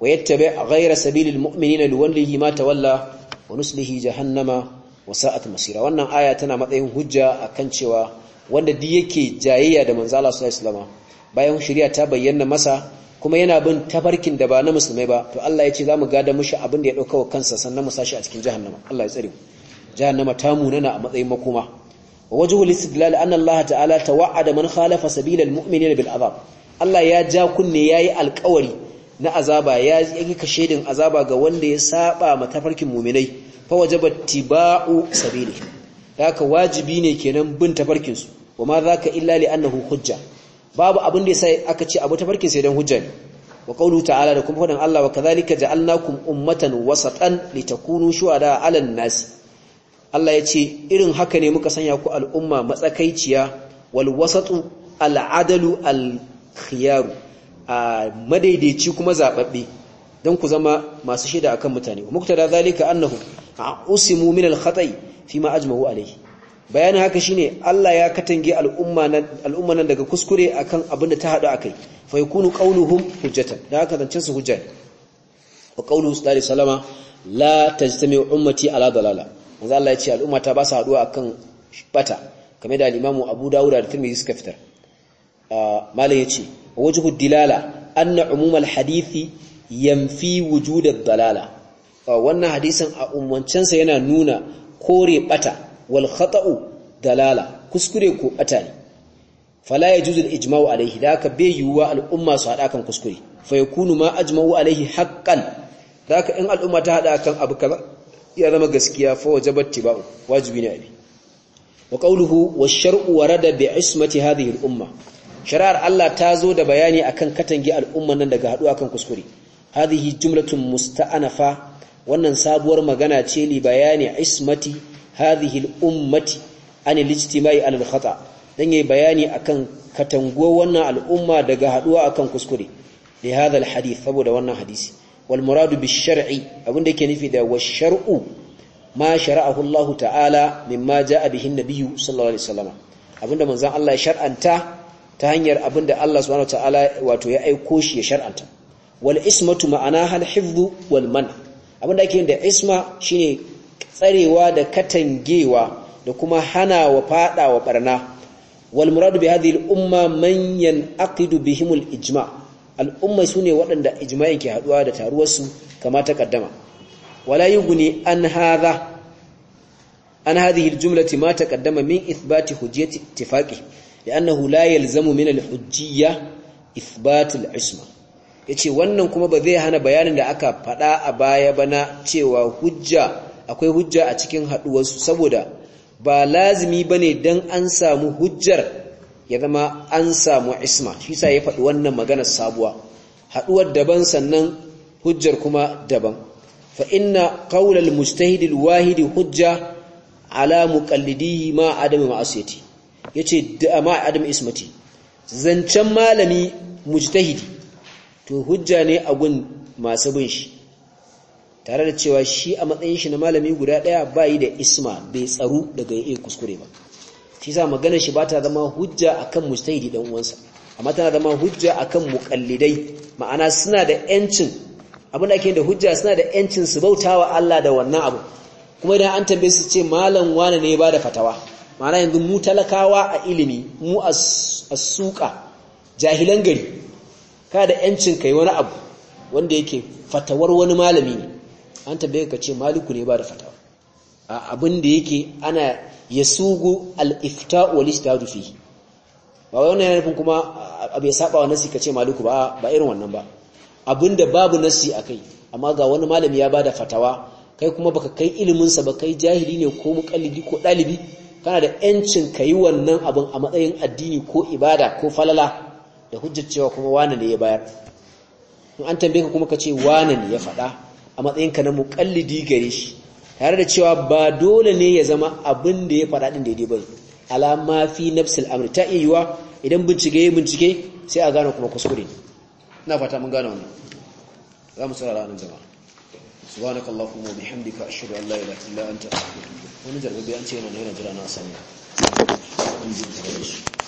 wa yattabi' ghayra sabilil mu'minina liwallihi ma walla wa nuslihi jahannama wa masira wannan aya tana matsayin hujja akan cewa wanda duk yake jayayya da manzo Allah sallallahu alaihi wasallam bayan shari'a ta bayyana masa kuma yana bin tafarkin da ba na musulmai ba to Allah ya ce za mu gada mushi abin da ya dauka wa kansa sannan mu sashi a cikin jahannama Allah ya tsare mu jahannama ta munana a matsayin makoma wa wajhu lil istidlal anna Allah ta'ala tawa'ada man khalafa sabila al mu'minina Allah ya ja kunne ya yi alkawari na azaba ya yi shaidin azaba ga wanda ya saba matafarkin muminai fa wajaba tiba'u sabili haka wajibi ne kenan bin tafarkin su wama zaka illa li annahu hujja babu abin da yasa aka ce abu tafarkin sai dan hujja ne wa qawlu ta'ala da kuma fadan Allah wa kadhalika ja'alnakum ummatan wasatan litakunu shuhada 'alan nas Allah ya ce irin haka ne muka sanya ku al'umma matsakaiciya wal wasatu al al khiyaru a madaidaici kuma zababbe don ku zama masu shaida akan mutane muktada zalika annahu usimu min al-khata'i fima ajma'u alayhi bayanin haka shine Allah ya katange al'umma nan al'umma nan daga kuskure akan abinda da ta haɗu akai fa yakunu qawluhum hujjatan da haka zancin su hujja wa qawluhu sallallahu salama la tajtami'u ummati ala dalala manzo Allah ya ce al'umma ta ba su haduwa akan bata kamar da al-imamu Abu Dawud da Tirmidhi suka fitar malam yace wajhu dilala anna umumal hadithi yamfi wujudad dalala uh, wannan hadisin a ummancansa yana nuna kore bata wal khata'u dalala kuskure ko bata ne fala yajuzu al ijma'u alayhi da ka yuwa al umma su hada kan kuskure fa yakunu ma ajma'u alayhi haqqan da in al umma ta hada kan abu kaza ya zama gaskiya fa wajabat tiba'u wajibi ne abi wa qawluhu wash shar'u warada bi ismati hadhihi al umma shari'ar Allah ta zo da bayani akan katange al'umman nan daga haɗu akan kuskure hadhihi jumlatun musta'anafa wannan sabuwar magana ce li bayani ismati hadhihi al'ummati an al-ijtima'i al khata dan yayi bayani akan katango wannan al'umma daga haɗuwa akan kuskure li hadha al-hadith saboda wannan hadisi wal muradu bi shar'i abinda yake nufi da wa shar'u ma shara'ahu Allah ta'ala mimma ja'a bihi an-nabiyyu sallallahu alaihi wasallam abinda manzon Allah ya shar'anta ta hanyar abin da Allah subhanahu wato ya aiko shi ya shar'anta wal ismatu ma'ana hal hifdhu wal man abin da ake yin da isma shine tsarewa da katangewa da kuma hana wa fada wa barna wal muradu bi hadhihi al umma man yanaqidu bihim al ijma al umma sune waɗanda ijma'i ke haduwa da taruwar su kama ta kaddama wala yughni an hadha an hadhihi al jumlati ma taqaddama min ithbati hujjati ittifaqi لأنه لا يلزم من الحجية isma العصمة yace wannan kuma ba zai hana bayanin da aka faɗa a baya bana cewa hujja akwai hujja a cikin haɗuwarsu saboda ba lazimi bane dan an samu hujjar ya zama an samu isma shi sa ya faɗi wannan magana sabuwa haduwar daban sannan hujjar kuma daban fa inna qawlal mujtahid al wahid hujja ala muqallidihi ma adami ma'asiyati yace da ma adam ismati zancen malami mujtahidi to hujja ne a gun masu bin shi tare da cewa shi a matsayin shi na malami guda daya bayi da isma bai tsaru daga yayin kuskure ba shi sa maganar shi ba ta zama hujja akan mujtahidi dan uwansa amma tana zama hujja akan muqallidai ma'ana suna da yancin abin da ake da hujja suna da yancin su bautawa Allah da wannan abu kuma idan an tambaye su ce malam wane ne ba da fatawa mana yanzu mu talakawa a ilimi mu suka jahilan gari ka da yancin kai wani abu wanda yake fatawar wani malami ne an tabbaye ka ce maliku ne ba da fatawa abin da yake ana yasugu al-ifta wal ta rufi ba wannan yana nufin kuma abu ya saba wa nasi ka ce maliku ba ba irin wannan ba da babu nasi akai amma ga wani malami ya bada fatawa kai kuma baka kai ilimin sa ba kai jahili ne ko muqallidi ko dalibi kana da yancin ka yi wannan abin a matsayin addini ko ibada ko falala da hujjar cewa kuma wane ne ya bayar in an tambaye ka kuma ka ce wane ne ya faɗa a matsayin ka na muƙallidi gare shi tare da cewa ba dole ne ya zama abin da ya faɗa ɗin daidai ba alama fi nafsil amri ta iya yiwa idan bincike ya bincike sai a gane kuma kuskure na ina fata mun gane wannan za mu saurara nan jama'a subhanakallahumma wa bihamdika ashhadu an la ilaha illa anta astaghfiruka wani jarrabe an ce yana yana jira na samu da shi